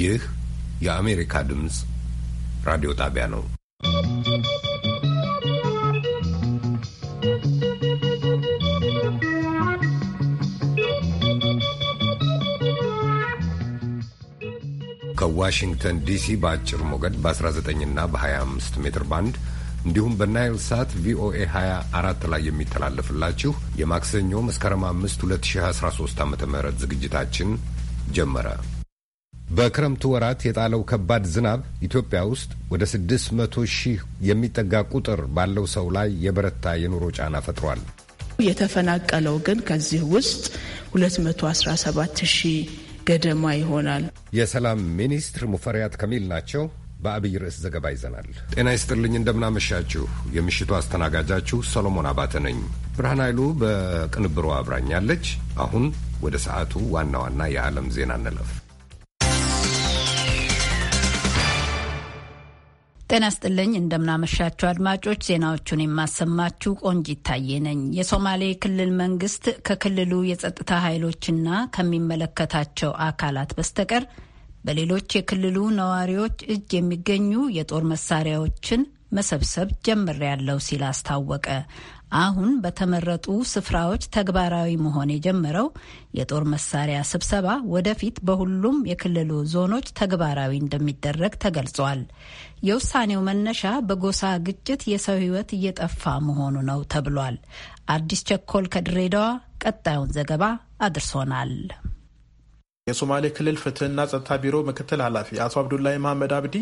ይህ የአሜሪካ ድምፅ ራዲዮ ጣቢያ ነው። ከዋሽንግተን ዲሲ በአጭር ሞገድ በ19 እና በ25 ሜትር ባንድ እንዲሁም በናይል ሳት ቪኦኤ 24 ላይ የሚተላለፍላችሁ የማክሰኞ መስከረም 5 2013 ዓ ም ዝግጅታችን ጀመረ። በክረምቱ ወራት የጣለው ከባድ ዝናብ ኢትዮጵያ ውስጥ ወደ 600 ሺህ የሚጠጋ ቁጥር ባለው ሰው ላይ የበረታ የኑሮ ጫና ፈጥሯል። የተፈናቀለው ግን ከዚህ ውስጥ 217 ሺህ ገደማ ይሆናል። የሰላም ሚኒስትር ሙፈሪያት ከሚል ናቸው። በአብይ ርዕስ ዘገባ ይዘናል። ጤና ይስጥልኝ፣ እንደምናመሻችሁ። የምሽቱ አስተናጋጃችሁ ሰሎሞን አባተ ነኝ። ብርሃን ኃይሉ በቅንብሩ አብራኛለች። አሁን ወደ ሰዓቱ ዋና ዋና የዓለም ዜና እንለፍ። ጤና ስጥልኝ እንደምናመሻችሁ አድማጮች፣ ዜናዎቹን የማሰማችሁ ቆንጂ ይታየ ነኝ። የሶማሌ ክልል መንግስት ከክልሉ የጸጥታ ኃይሎችና ከሚመለከታቸው አካላት በስተቀር በሌሎች የክልሉ ነዋሪዎች እጅ የሚገኙ የጦር መሳሪያዎችን መሰብሰብ ጀምሬያለሁ ሲል አስታወቀ። አሁን በተመረጡ ስፍራዎች ተግባራዊ መሆን የጀመረው የጦር መሳሪያ ስብሰባ ወደፊት በሁሉም የክልሉ ዞኖች ተግባራዊ እንደሚደረግ ተገልጿል። የውሳኔው መነሻ በጎሳ ግጭት የሰው ሕይወት እየጠፋ መሆኑ ነው ተብሏል። አዲስ ቸኮል ከድሬዳዋ ቀጣዩን ዘገባ አድርሶናል። የሶማሌ ክልል ፍትህና ጸጥታ ቢሮ ምክትል ኃላፊ አቶ አብዱላሂ መሐመድ አብዲ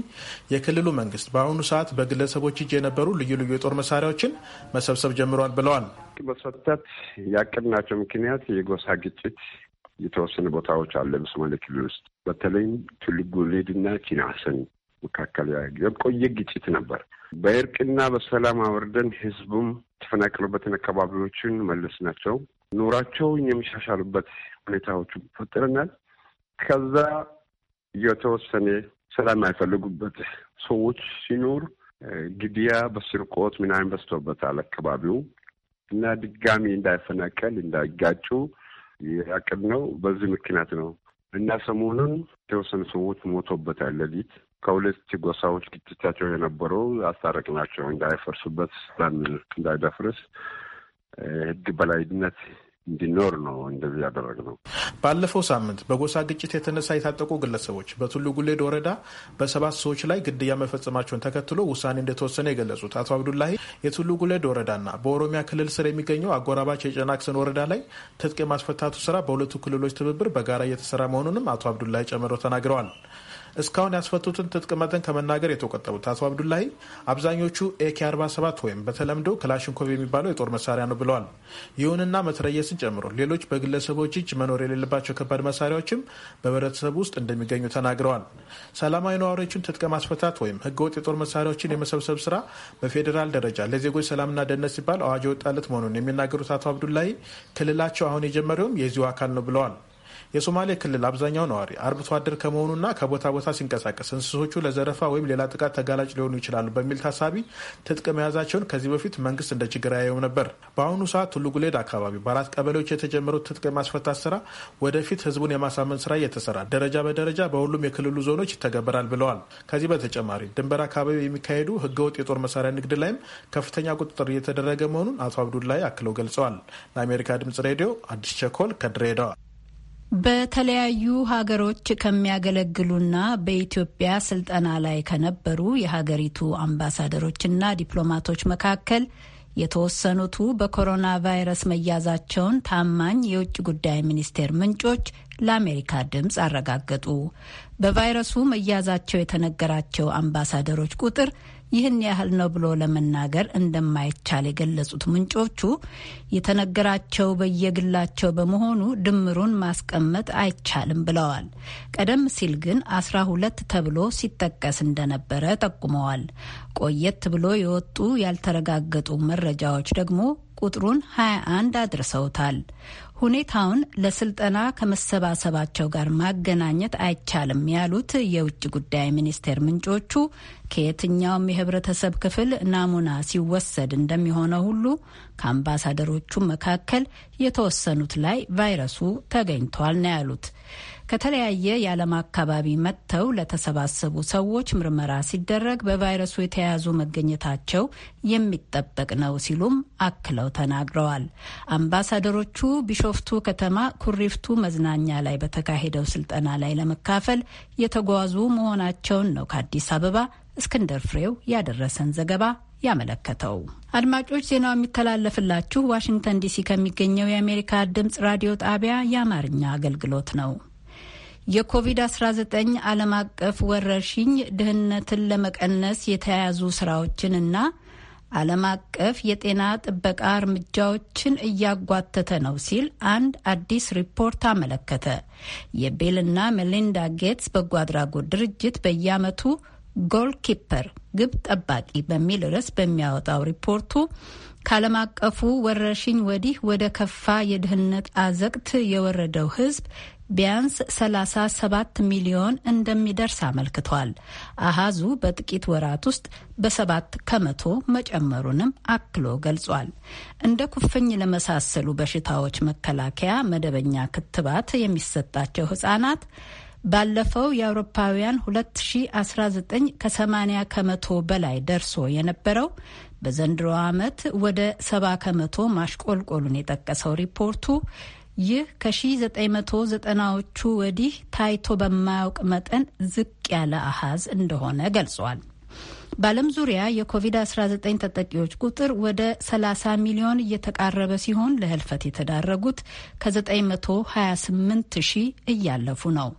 የክልሉ መንግስት በአሁኑ ሰዓት በግለሰቦች እጅ የነበሩ ልዩ ልዩ የጦር መሳሪያዎችን መሰብሰብ ጀምሯል ብለዋል። መሰተት ያቀድናቸው ምክንያት የጎሳ ግጭት የተወሰኑ ቦታዎች አለ በሶማሌ ክልል ውስጥ በተለይም ቱልጉሌድና ቺናሰን መካከል የቆየ ግጭት ነበር። በእርቅና በሰላም አወርደን ህዝቡም ተፈናቅሎበትን አካባቢዎችን መለስ ናቸው ኑራቸው የሚሻሻሉበት ሁኔታዎቹ ፈጥረናል። ከዛ የተወሰነ ስራ የማይፈልጉበት ሰዎች ሲኖር ግድያ በስርቆት ምናምን በዝቶበታል አካባቢው እና ድጋሚ እንዳይፈናቀል እንዳይጋጩ ያቅድ ነው። በዚህ ምክንያት ነው እና ሰሞኑን የተወሰኑ ሰዎች ሞቶበታል። ሌሊት ከሁለት ጎሳዎች ግጭታቸው የነበረው አስታረቅ ናቸው። እንዳይፈርሱበት፣ ሰላም እንዳይደፍርስ ህግ በላይነት እንዲኖር ነው እንደዚህ ነው። ባለፈው ሳምንት በጎሳ ግጭት የተነሳ የታጠቁ ግለሰቦች በቱሉ ጉሌድ ወረዳ በሰባት ሰዎች ላይ ግድያ መፈጸማቸውን ተከትሎ ውሳኔ እንደተወሰነ የገለጹት አቶ አብዱላሂ የቱሉ ጉሌድ ወረዳና በኦሮሚያ ክልል ስር የሚገኘው አጎራባች የጨናክሰን ወረዳ ላይ ትጥቅ የማስፈታቱ ስራ በሁለቱ ክልሎች ትብብር በጋራ እየተሰራ መሆኑንም አቶ አብዱላሂ ጨምረው ተናግረዋል። እስካሁን ያስፈቱትን ትጥቅ መጠን ከመናገር የተቆጠቡት አቶ አብዱላሂ አብዛኞቹ ኤኬ 47 ወይም በተለምዶ ክላሽንኮቭ የሚባለው የጦር መሳሪያ ነው ብለዋል። ይሁንና መትረየስን ጨምሮ ሌሎች በግለሰቦች እጅ መኖር የሌለባቸው ከባድ መሳሪያዎችም በህብረተሰቡ ውስጥ እንደሚገኙ ተናግረዋል። ሰላማዊ ነዋሪዎችን ትጥቅ ማስፈታት ወይም ህገወጥ የጦር መሳሪያዎችን የመሰብሰብ ስራ በፌዴራል ደረጃ ለዜጎች ሰላምና ደህንነት ሲባል አዋጅ የወጣለት መሆኑን የሚናገሩት አቶ አብዱላሂ ክልላቸው አሁን የጀመረውም የዚሁ አካል ነው ብለዋል። የሶማሌ ክልል አብዛኛው ነዋሪ አርብቶ አደር ከመሆኑና ከቦታ ቦታ ሲንቀሳቀስ እንስሶቹ ለዘረፋ ወይም ሌላ ጥቃት ተጋላጭ ሊሆኑ ይችላሉ በሚል ታሳቢ ትጥቅ መያዛቸውን ከዚህ በፊት መንግስት እንደ ችግር ያየው ነበር። በአሁኑ ሰዓት ቱሉ ጉሌድ አካባቢ በአራት ቀበሌዎች የተጀመረው ትጥቅ የማስፈታት ስራ ወደፊት ህዝቡን የማሳመን ስራ እየተሰራ ደረጃ በደረጃ በሁሉም የክልሉ ዞኖች ይተገበራል ብለዋል። ከዚህ በተጨማሪ ድንበር አካባቢ የሚካሄዱ ህገወጥ የጦር መሳሪያ ንግድ ላይም ከፍተኛ ቁጥጥር እየተደረገ መሆኑን አቶ አብዱላይ አክለው ገልጸዋል። ለአሜሪካ ድምጽ ሬዲዮ አዲስ ቸኮል ከድሬዳዋ በተለያዩ ሀገሮች ከሚያገለግሉና በኢትዮጵያ ስልጠና ላይ ከነበሩ የሀገሪቱ አምባሳደሮችና ዲፕሎማቶች መካከል የተወሰኑቱ በኮሮና ቫይረስ መያዛቸውን ታማኝ የውጭ ጉዳይ ሚኒስቴር ምንጮች ለአሜሪካ ድምፅ አረጋገጡ። በቫይረሱ መያዛቸው የተነገራቸው አምባሳደሮች ቁጥር ይህን ያህል ነው ብሎ ለመናገር እንደማይቻል የገለጹት ምንጮቹ የተነገራቸው በየግላቸው በመሆኑ ድምሩን ማስቀመጥ አይቻልም ብለዋል። ቀደም ሲል ግን አስራ ሁለት ተብሎ ሲጠቀስ እንደነበረ ጠቁመዋል። ቆየት ብሎ የወጡ ያልተረጋገጡ መረጃዎች ደግሞ ቁጥሩን 21 አድርሰውታል። ሁኔታውን ለስልጠና ከመሰባሰባቸው ጋር ማገናኘት አይቻልም ያሉት የውጭ ጉዳይ ሚኒስቴር ምንጮቹ ከየትኛውም የህብረተሰብ ክፍል ናሙና ሲወሰድ እንደሚሆነው ሁሉ ከአምባሳደሮቹ መካከል የተወሰኑት ላይ ቫይረሱ ተገኝቷል ነው ያሉት። ከተለያየ የዓለም አካባቢ መጥተው ለተሰባሰቡ ሰዎች ምርመራ ሲደረግ በቫይረሱ የተያያዙ መገኘታቸው የሚጠበቅ ነው ሲሉም አክለው ተናግረዋል። አምባሳደሮቹ ቢሾፍቱ ከተማ ኩሪፍቱ መዝናኛ ላይ በተካሄደው ስልጠና ላይ ለመካፈል የተጓዙ መሆናቸውን ነው ከአዲስ አበባ እስክንደር ፍሬው ያደረሰን ዘገባ ያመለከተው። አድማጮች ዜናው የሚተላለፍላችሁ ዋሽንግተን ዲሲ ከሚገኘው የአሜሪካ ድምጽ ራዲዮ ጣቢያ የአማርኛ አገልግሎት ነው። የኮቪድ-19 ዓለም አቀፍ ወረርሽኝ ድህነትን ለመቀነስ የተያያዙ ስራዎችንና ዓለም አቀፍ የጤና ጥበቃ እርምጃዎችን እያጓተተ ነው ሲል አንድ አዲስ ሪፖርት አመለከተ። የቤልና ሜሊንዳ ጌትስ በጎ አድራጎት ድርጅት በየዓመቱ ጎል ኪፐር ግብ ጠባቂ በሚል ርዕስ በሚያወጣው ሪፖርቱ ከዓለም አቀፉ ወረርሽኝ ወዲህ ወደ ከፋ የድህነት አዘቅት የወረደው ሕዝብ ቢያንስ 37 ሚሊዮን እንደሚደርስ አመልክቷል። አሃዙ በጥቂት ወራት ውስጥ በሰባት ከመቶ መጨመሩንም አክሎ ገልጿል። እንደ ኩፍኝ ለመሳሰሉ በሽታዎች መከላከያ መደበኛ ክትባት የሚሰጣቸው ህጻናት ባለፈው የአውሮፓውያን 2019 ከ80 ከመቶ በላይ ደርሶ የነበረው በዘንድሮ ዓመት ወደ 70 ከመቶ ማሽቆልቆሉን የጠቀሰው ሪፖርቱ ይህ ከ1990ዎቹ ወዲህ ታይቶ በማያውቅ መጠን ዝቅ ያለ አሃዝ እንደሆነ ገልጿል። በዓለም ዙሪያ የኮቪድ-19 ተጠቂዎች ቁጥር ወደ 30 ሚሊዮን እየተቃረበ ሲሆን ለህልፈት የተዳረጉት ከ928 ሺህ እያለፉ ነው።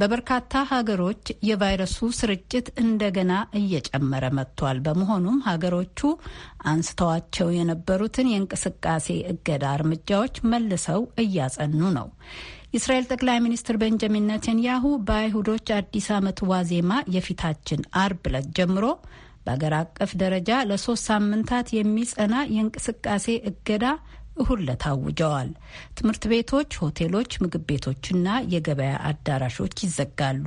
በበርካታ ሀገሮች የቫይረሱ ስርጭት እንደገና እየጨመረ መጥቷል። በመሆኑም ሀገሮቹ አንስተዋቸው የነበሩትን የእንቅስቃሴ እገዳ እርምጃዎች መልሰው እያጸኑ ነው። የእስራኤል ጠቅላይ ሚኒስትር ቤንጃሚን ኔተንያሁ በአይሁዶች አዲስ ዓመት ዋዜማ የፊታችን አርብ ዕለት ጀምሮ በአገር አቀፍ ደረጃ ለሶስት ሳምንታት የሚጸና የእንቅስቃሴ እገዳ እሁድ ዕለት አውጀዋል። ትምህርት ቤቶች፣ ሆቴሎች፣ ምግብ ቤቶችና የገበያ አዳራሾች ይዘጋሉ።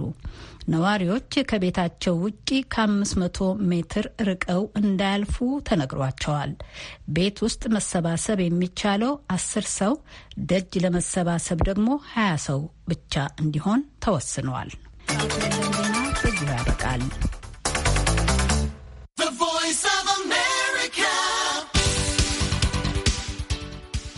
ነዋሪዎች ከቤታቸው ውጪ ከ500 ሜትር ርቀው እንዳያልፉ ተነግሯቸዋል። ቤት ውስጥ መሰባሰብ የሚቻለው አስር ሰው፣ ደጅ ለመሰባሰብ ደግሞ 20 ሰው ብቻ እንዲሆን ተወስኗል። ዜና በዚሁ ያበቃል።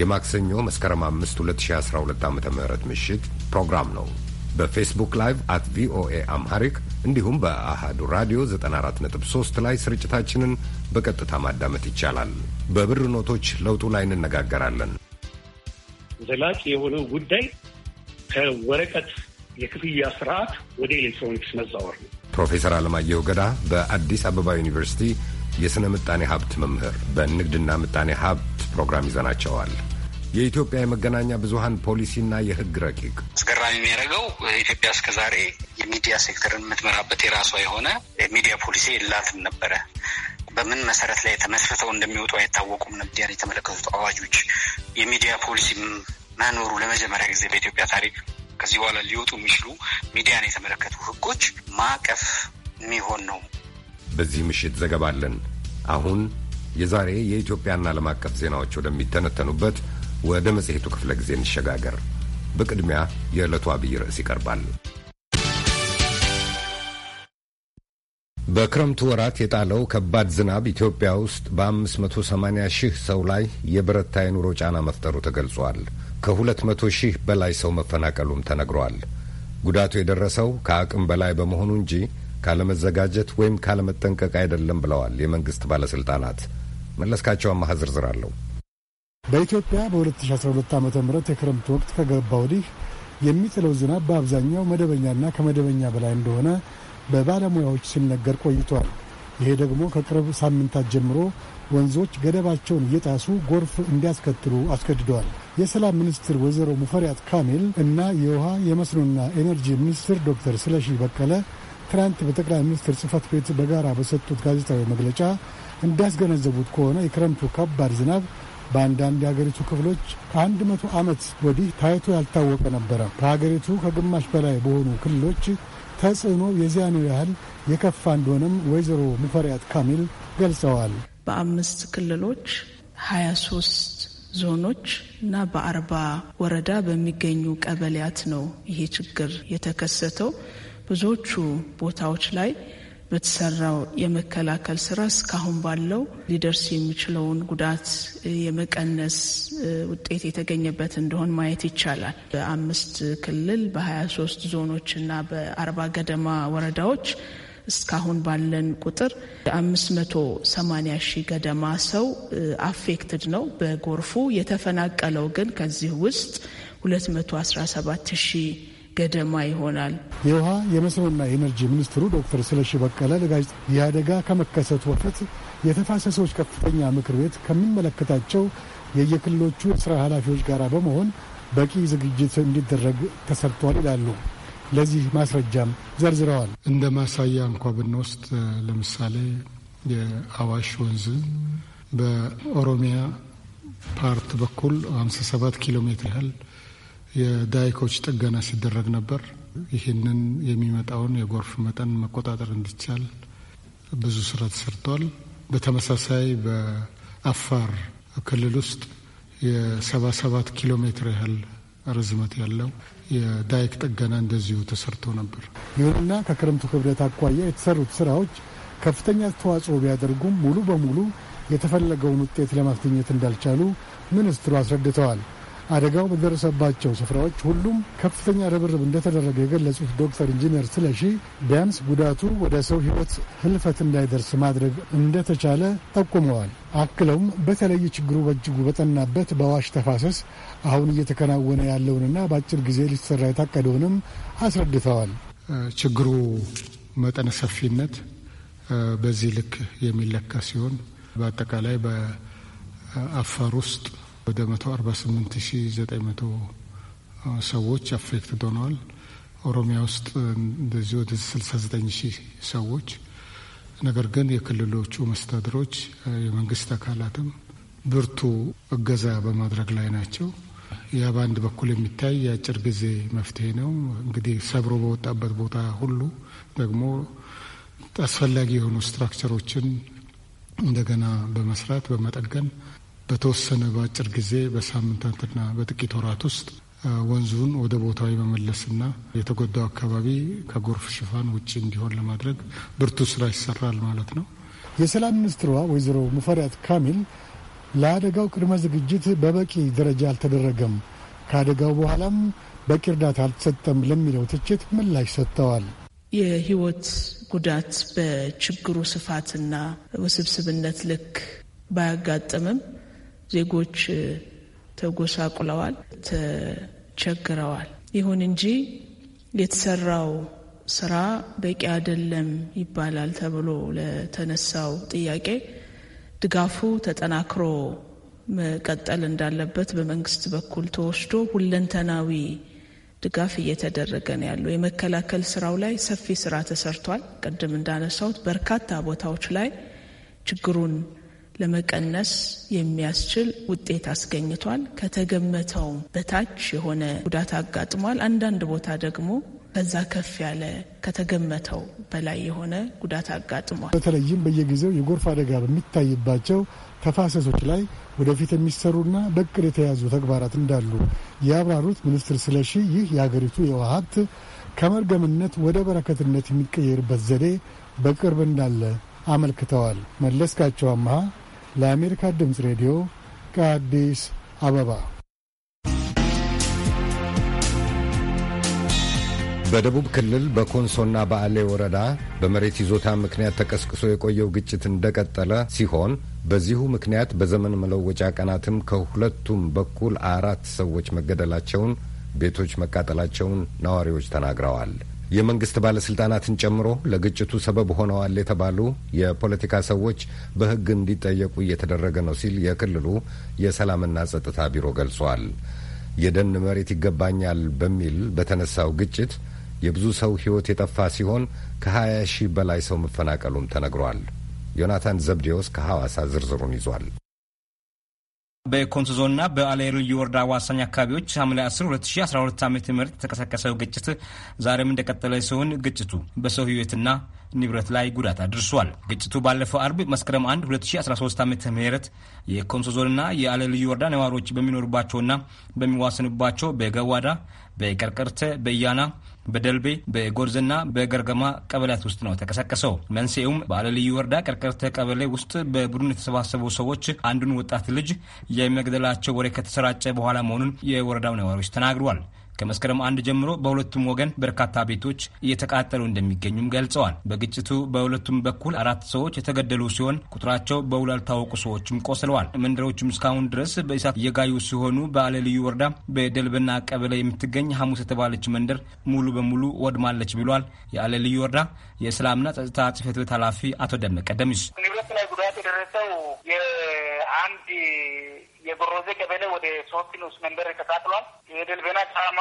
የማክሰኞ መስከረም 5 2012 ዓ ም ምሽት ፕሮግራም ነው። በፌስቡክ ላይቭ አት ቪኦኤ አምሃሪክ እንዲሁም በአሃዱ ራዲዮ 94.3 ላይ ስርጭታችንን በቀጥታ ማዳመጥ ይቻላል። በብር ኖቶች ለውጡ ላይ እንነጋገራለን። ዘላቂ የሆነው ጉዳይ ከወረቀት የክፍያ ስርዓት ወደ ኤሌክትሮኒክስ መዛወር ነው። ፕሮፌሰር አለማየሁ ገዳ በአዲስ አበባ ዩኒቨርሲቲ የሥነ ምጣኔ ሀብት መምህር በንግድና ምጣኔ ሀብት ፕሮግራም ይዘናቸዋል። የኢትዮጵያ የመገናኛ ብዙሀን ፖሊሲና የሕግ ረቂቅ አስገራሚ የሚያደርገው ኢትዮጵያ እስከዛሬ የሚዲያ ሴክተርን የምትመራበት የራሷ የሆነ ሚዲያ ፖሊሲ የላትም ነበረ። በምን መሰረት ላይ ተመስርተው እንደሚወጡ አይታወቁም። ሚዲያን የተመለከቱት አዋጆች የሚዲያ ፖሊሲ መኖሩ ለመጀመሪያ ጊዜ በኢትዮጵያ ታሪክ ከዚህ በኋላ ሊወጡ የሚችሉ ሚዲያን የተመለከቱ ህጎች ማዕቀፍ የሚሆን ነው። በዚህ ምሽት ዘገባለን። አሁን የዛሬ የኢትዮጵያና ዓለም አቀፍ ዜናዎች ወደሚተነተኑበት ወደ መጽሔቱ ክፍለ ጊዜ እንሸጋገር። በቅድሚያ የዕለቱ አብይ ርዕስ ይቀርባል። በክረምቱ ወራት የጣለው ከባድ ዝናብ ኢትዮጵያ ውስጥ በ580 ሺህ ሰው ላይ የበረታ የኑሮ ጫና መፍጠሩ ተገልጿል። ከ200 ሺህ በላይ ሰው መፈናቀሉም ተነግሯል። ጉዳቱ የደረሰው ከአቅም በላይ በመሆኑ እንጂ ካለመዘጋጀት ወይም ካለመጠንቀቅ አይደለም ብለዋል የመንግስት ባለስልጣናት። መለስካቸው አማሃ ዝርዝር አለው። በኢትዮጵያ በ2012 ዓ ም የክረምት ወቅት ከገባ ወዲህ የሚጥለው ዝናብ በአብዛኛው መደበኛና ከመደበኛ በላይ እንደሆነ በባለሙያዎች ሲነገር ቆይቷል። ይሄ ደግሞ ከቅርብ ሳምንታት ጀምሮ ወንዞች ገደባቸውን እየጣሱ ጎርፍ እንዲያስከትሉ አስገድደዋል። የሰላም ሚኒስትር ወይዘሮ ሙፈሪያት ካሚል እና የውሃ የመስኖና ኤነርጂ ሚኒስትር ዶክተር ስለሺ በቀለ ትናንት በጠቅላይ ሚኒስትር ጽህፈት ቤት በጋራ በሰጡት ጋዜጣዊ መግለጫ እንዳስገነዘቡት ከሆነ የክረምቱ ከባድ ዝናብ በአንዳንድ የሀገሪቱ ክፍሎች ከአንድ መቶ ዓመት ወዲህ ታይቶ ያልታወቀ ነበረ። ከሀገሪቱ ከግማሽ በላይ በሆኑ ክልሎች ተጽዕኖ የዚያኑ ያህል የከፋ እንደሆነም ወይዘሮ ሙፈሪያት ካሚል ገልጸዋል። በአምስት ክልሎች ሀያ ሶስት ዞኖች እና በአርባ ወረዳ በሚገኙ ቀበሌያት ነው ይሄ ችግር የተከሰተው። ብዙዎቹ ቦታዎች ላይ በተሰራው የመከላከል ስራ እስካሁን ባለው ሊደርስ የሚችለውን ጉዳት የመቀነስ ውጤት የተገኘበት እንደሆን ማየት ይቻላል። በአምስት ክልል በ23 ዞኖች እና በአርባ ገደማ ወረዳዎች እስካሁን ባለን ቁጥር አምስት መቶ ሰማኒያ ሺህ ገደማ ሰው አፌክትድ ነው በጎርፉ የተፈናቀለው ግን ከዚህ ውስጥ ሁለት መቶ አስራ ሰባት ሺህ ገደማ ይሆናል። የውሃ የመስኖና ኤነርጂ ሚኒስትሩ ዶክተር ስለሺ በቀለ ለጋዜጣ የአደጋ ከመከሰቱ በፊት የተፋሰሶች ከፍተኛ ምክር ቤት ከሚመለከታቸው የየክልሎቹ የስራ ኃላፊዎች ጋር በመሆን በቂ ዝግጅት እንዲደረግ ተሰርቷል ይላሉ። ለዚህ ማስረጃም ዘርዝረዋል። እንደ ማሳያ እንኳ ብንወስድ ለምሳሌ የአዋሽ ወንዝ በኦሮሚያ ፓርት በኩል 57 ኪሎ ሜትር ያህል የዳይኮች ጥገና ሲደረግ ነበር። ይህንን የሚመጣውን የጎርፍ መጠን መቆጣጠር እንዲቻል ብዙ ስራ ተሰርቷል። በተመሳሳይ በአፋር ክልል ውስጥ የ77 ኪሎ ሜትር ያህል ርዝመት ያለው የዳይክ ጥገና እንደዚሁ ተሰርቶ ነበር። ይሁንና ከክረምቱ ክብደት አኳያ የተሰሩት ስራዎች ከፍተኛ አስተዋጽኦ ቢያደርጉም ሙሉ በሙሉ የተፈለገውን ውጤት ለማስገኘት እንዳልቻሉ ሚኒስትሩ አስረድተዋል። አደጋው በደረሰባቸው ስፍራዎች ሁሉም ከፍተኛ ርብርብ እንደተደረገ የገለጹት ዶክተር ኢንጂነር ስለሺ ቢያንስ ጉዳቱ ወደ ሰው ሕይወት ህልፈት እንዳይደርስ ማድረግ እንደተቻለ ጠቁመዋል። አክለውም በተለይ ችግሩ በእጅጉ በጠናበት በአዋሽ ተፋሰስ አሁን እየተከናወነ ያለውንና በአጭር ጊዜ ሊሰራ የታቀደውንም አስረድተዋል። ችግሩ መጠነ ሰፊነት በዚህ ልክ የሚለካ ሲሆን በአጠቃላይ በአፋር ውስጥ ወደ 148900 ሰዎች አፌክትድ ሆነዋል። ኦሮሚያ ውስጥ እንደዚህ ወደ 69 ሰዎች ነገር ግን የክልሎቹ መስተዳድሮች የመንግስት አካላትም ብርቱ እገዛ በማድረግ ላይ ናቸው። ያ በአንድ በኩል የሚታይ የአጭር ጊዜ መፍትሄ ነው። እንግዲህ ሰብሮ በወጣበት ቦታ ሁሉ ደግሞ አስፈላጊ የሆኑ ስትራክቸሮችን እንደገና በመስራት በመጠገን በተወሰነ በአጭር ጊዜ በሳምንታትና በጥቂት ወራት ውስጥ ወንዙን ወደ ቦታው የመመለስና የተጎዳው አካባቢ ከጎርፍ ሽፋን ውጭ እንዲሆን ለማድረግ ብርቱ ስራ ይሰራል ማለት ነው። የሰላም ሚኒስትሯ ወይዘሮ ሙፈሪያት ካሚል ለአደጋው ቅድመ ዝግጅት በበቂ ደረጃ አልተደረገም፣ ከአደጋው በኋላም በቂ እርዳታ አልተሰጠም ለሚለው ትችት ምላሽ ሰጥተዋል። የህይወት ጉዳት በችግሩ ስፋትና ውስብስብነት ልክ ባያጋጥምም ዜጎች ተጎሳቁለዋል፣ ተቸግረዋል። ይሁን እንጂ የተሰራው ስራ በቂ አይደለም ይባላል ተብሎ ለተነሳው ጥያቄ ድጋፉ ተጠናክሮ መቀጠል እንዳለበት በመንግስት በኩል ተወስዶ ሁለንተናዊ ድጋፍ እየተደረገ ነው ያለው። የመከላከል ስራው ላይ ሰፊ ስራ ተሰርቷል። ቅድም እንዳነሳሁት በርካታ ቦታዎች ላይ ችግሩን ለመቀነስ የሚያስችል ውጤት አስገኝቷል። ከተገመተውም በታች የሆነ ጉዳት አጋጥሟል። አንዳንድ ቦታ ደግሞ ከዛ ከፍ ያለ ከተገመተው በላይ የሆነ ጉዳት አጋጥሟል። በተለይም በየጊዜው የጎርፍ አደጋ በሚታይባቸው ተፋሰሶች ላይ ወደፊት የሚሰሩና በቅድ የተያዙ ተግባራት እንዳሉ ያብራሩት ሚኒስትር ስለሺ ይህ የሀገሪቱ የውሃ ሀብት ከመርገምነት ወደ በረከትነት የሚቀየርበት ዘዴ በቅርብ እንዳለ አመልክተዋል። መለስካቸው አመሃ ለአሜሪካ ድምፅ ሬዲዮ ከአዲስ አበባ። በደቡብ ክልል በኮንሶና በአሌ ወረዳ በመሬት ይዞታ ምክንያት ተቀስቅሶ የቆየው ግጭት እንደቀጠለ ሲሆን በዚሁ ምክንያት በዘመን መለወጫ ቀናትም ከሁለቱም በኩል አራት ሰዎች መገደላቸውን፣ ቤቶች መቃጠላቸውን ነዋሪዎች ተናግረዋል። የመንግስት ባለስልጣናትን ጨምሮ ለግጭቱ ሰበብ ሆነዋል የተባሉ የፖለቲካ ሰዎች በሕግ እንዲጠየቁ እየተደረገ ነው ሲል የክልሉ የሰላምና ጸጥታ ቢሮ ገልጿል። የደን መሬት ይገባኛል በሚል በተነሳው ግጭት የብዙ ሰው ሕይወት የጠፋ ሲሆን ከ20 ሺህ በላይ ሰው መፈናቀሉም ተነግሯል። ዮናታን ዘብዴዎስ ከሐዋሳ ዝርዝሩን ይዟል። በኮንሶ ዞንና በአሌሩ ልዩ ወረዳ ዋሳኝ አካባቢዎች ሐምሌ 10 2012 ዓ ም የተቀሰቀሰው ግጭት ዛሬም እንደቀጠለ ሲሆን ግጭቱ በሰው ህይወትና ንብረት ላይ ጉዳት አድርሷል። ግጭቱ ባለፈው አርብ መስከረም 1 2013 ዓ ም የኮንሶ ዞንና የአሌ ልዩ ወረዳ ነዋሪዎች በሚኖሩባቸውና በሚዋሰኑባቸው በገዋዳ፣ በቀርቀርተ፣ በእያና በደልቤ በጎርዝና በገርገማ ቀበሌያት ውስጥ ነው የተቀሰቀሰው። መንስኤውም በአለልዩ ወረዳ ቀርቀርተ ቀበሌ ውስጥ በቡድን የተሰባሰቡ ሰዎች አንዱን ወጣት ልጅ የመግደላቸው ወሬ ከተሰራጨ በኋላ መሆኑን የወረዳው ነዋሪዎች ተናግሯል። ከመስከረም አንድ ጀምሮ በሁለቱም ወገን በርካታ ቤቶች እየተቃጠሉ እንደሚገኙም ገልጸዋል። በግጭቱ በሁለቱም በኩል አራት ሰዎች የተገደሉ ሲሆን ቁጥራቸው በውል ያልታወቁ ሰዎችም ቆስለዋል። መንደሮችም እስካሁን ድረስ በእሳት እየጋዩ ሲሆኑ በአለ ልዩ ወረዳ በደልበና ቀበሌ የምትገኝ ሐሙስ የተባለች መንደር ሙሉ በሙሉ ወድማለች ብሏል። የአለ ልዩ ወረዳ የሰላምና ጸጥታ ጽህፈት ቤት ኃላፊ አቶ ደመቀ ደምስ ንብረት ላይ ጉዳት የደረሰው የአንድ የቦሮዜ ቀበሌ ወደ ሶስት ንዑስ መንደር ተቃጥሏል። የደልበና ጫማ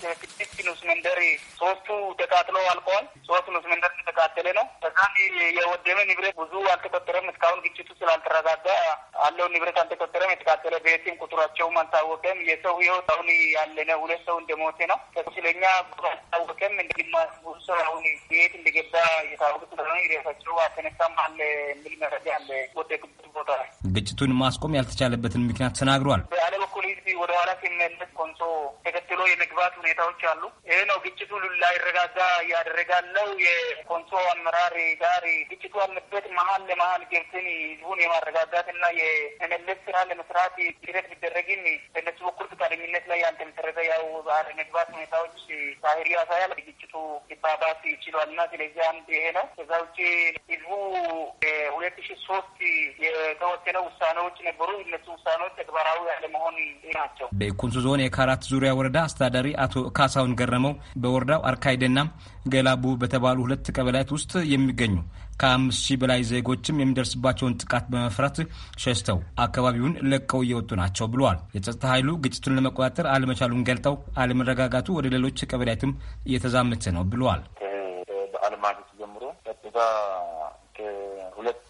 ከስድስት ንዑስ መንደር ሶስቱ ተቃጥሎ አልቀዋል። ሶስት ንዑስ መንደር ተቃጠለ ነው። ከዛም የወደመ ንብረት ብዙ አልተቆጠረም። እስካሁን ግጭቱ ስላልተረጋጋ አለው ንብረት አልተቆጠረም። የተቃጠለ ቤትም ቁጥራቸውም አልታወቀም። የሰው ህይወት አሁን ያለነ ሁለት ሰው እንደሞተ ነው። ስለኛ አልታወቀም። እንደግማ ብዙ ሰው አሁን ቤት እንደገባ የታወቀ ስለሆነ ሬሳቸው አልተነሳም አለ የሚል መረጃ አለ። ወደቅበት ቦታ ላይ ግጭቱን ማስቆም ያልተቻለበትን ምክንያት ተናግሯል። በአለ በኩል ህዝብ ወደ ኋላ ሲመለስ ኮንሶ ተከትሎ የመግባት ሁኔታዎች አሉ። ይሄ ነው ግጭቱ ላይረጋጋ እያደረጋለው የኮንሶ አመራር ጋር ግጭቱ አለበት መሀል ለመሀል ገብትን ህዝቡን የማረጋጋት እና የመመለስ ስራ ለመስራት ሂደት ቢደረግም በነሱ በኩል ፈቃደኝነት ላይ ያልተመሰረተ ያው ባህር መግባት ሁኔታዎች ባህሪ ያሳያል። ግጭቱ ሊባባስ ይችሏል እና ስለዚህ አንድ ይሄ ነው። ከዛ ውጭ ህዝቡ ሁለት ሺ ሶስት የተወሰነ ውሳኔዎች ነበሩ እነሱ ውሳኔ ፕላኖች ተግባራዊ ያለመሆን ናቸው። በኩንሱ ዞን የካራት ዙሪያ ወረዳ አስተዳዳሪ አቶ ካሳሁን ገረመው በወረዳው አርካይደና ገላቡ በተባሉ ሁለት ቀበሌያት ውስጥ የሚገኙ ከአምስት ሺህ በላይ ዜጎችም የሚደርስባቸውን ጥቃት በመፍራት ሸሽተው አካባቢውን ለቀው እየወጡ ናቸው ብለዋል። የጸጥታ ኃይሉ ግጭቱን ለመቆጣጠር አለመቻሉን ገልጠው አለመረጋጋቱ ወደ ሌሎች ቀበሌያትም እየተዛመተ ነው ብለዋል። በአለማት ጀምሮ ቀጥታ ከሁለት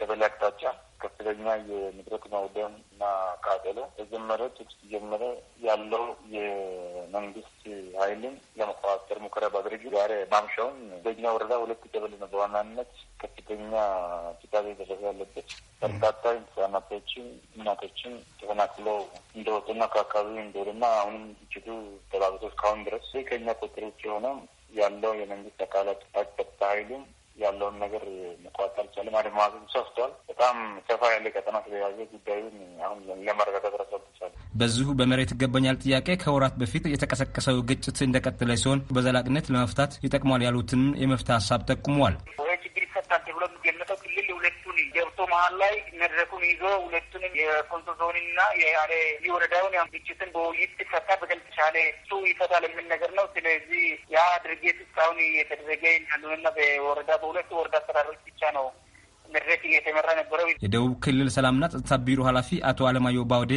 ቀበሌ አቅጣጫ ከፍተኛ የንብረት ማውደም እና ቃጠሎ ተጀመረ። ትግስ ጀመረ ያለው የመንግስት ኃይልን ለመቆጣጠር ሙከራ ባድረጊ ዛሬ ማምሻውን በኛ ወረዳ ሁለት ቀበሌ ነው በዋናነት ከፍተኛ ጥቃት ደረሰ ያለበት በርካታ ህጻናቶችን፣ እናቶችን ተፈናቅለው እንደወጡና ከአካባቢ እንደወደና አሁንም ግጭቱ ተባብሶ እስካሁን ድረስ ከኛ ቁጥር ውጭ የሆነ ያለው የመንግስት አካላት ጸጥታ ኃይሉም ያለውን ነገር መቋጠር ይቻለ ማለት አድማሱም ሰፍቷል። በጣም ሰፋ ያለ ቀጠና ስለያዘ ጉዳዩን አሁን ለመረጋጋት ረሰብቻል። በዚሁ በመሬት ይገባኛል ጥያቄ ከወራት በፊት የተቀሰቀሰው ግጭት እንደቀጠለ ሲሆን በዘላቂነት ለመፍታት ይጠቅሟል ያሉትን የመፍትሄ ሀሳብ ጠቁመዋል። ገለጠው ክልል ሁለቱን ገብቶ መሀል ላይ መድረኩን ይዞ ሁለቱንም የኮንሶ ዞንና የአሌ ወረዳውን ግጭትን በውይይት ሲፈታ በቀል ተሻለ እሱ ይፈታል የሚል ነገር ነው። ስለዚህ ያ ድርጊት እስካሁን እየተደረገ ያሉንና በወረዳ በሁለቱ ወረዳ አስተዳደሮች ብቻ ነው መድረክ እየተመራ ነበረው። የደቡብ ክልል ሰላምና ጸጥታ ቢሮ ኃላፊ አቶ አለማየሁ ባውዴ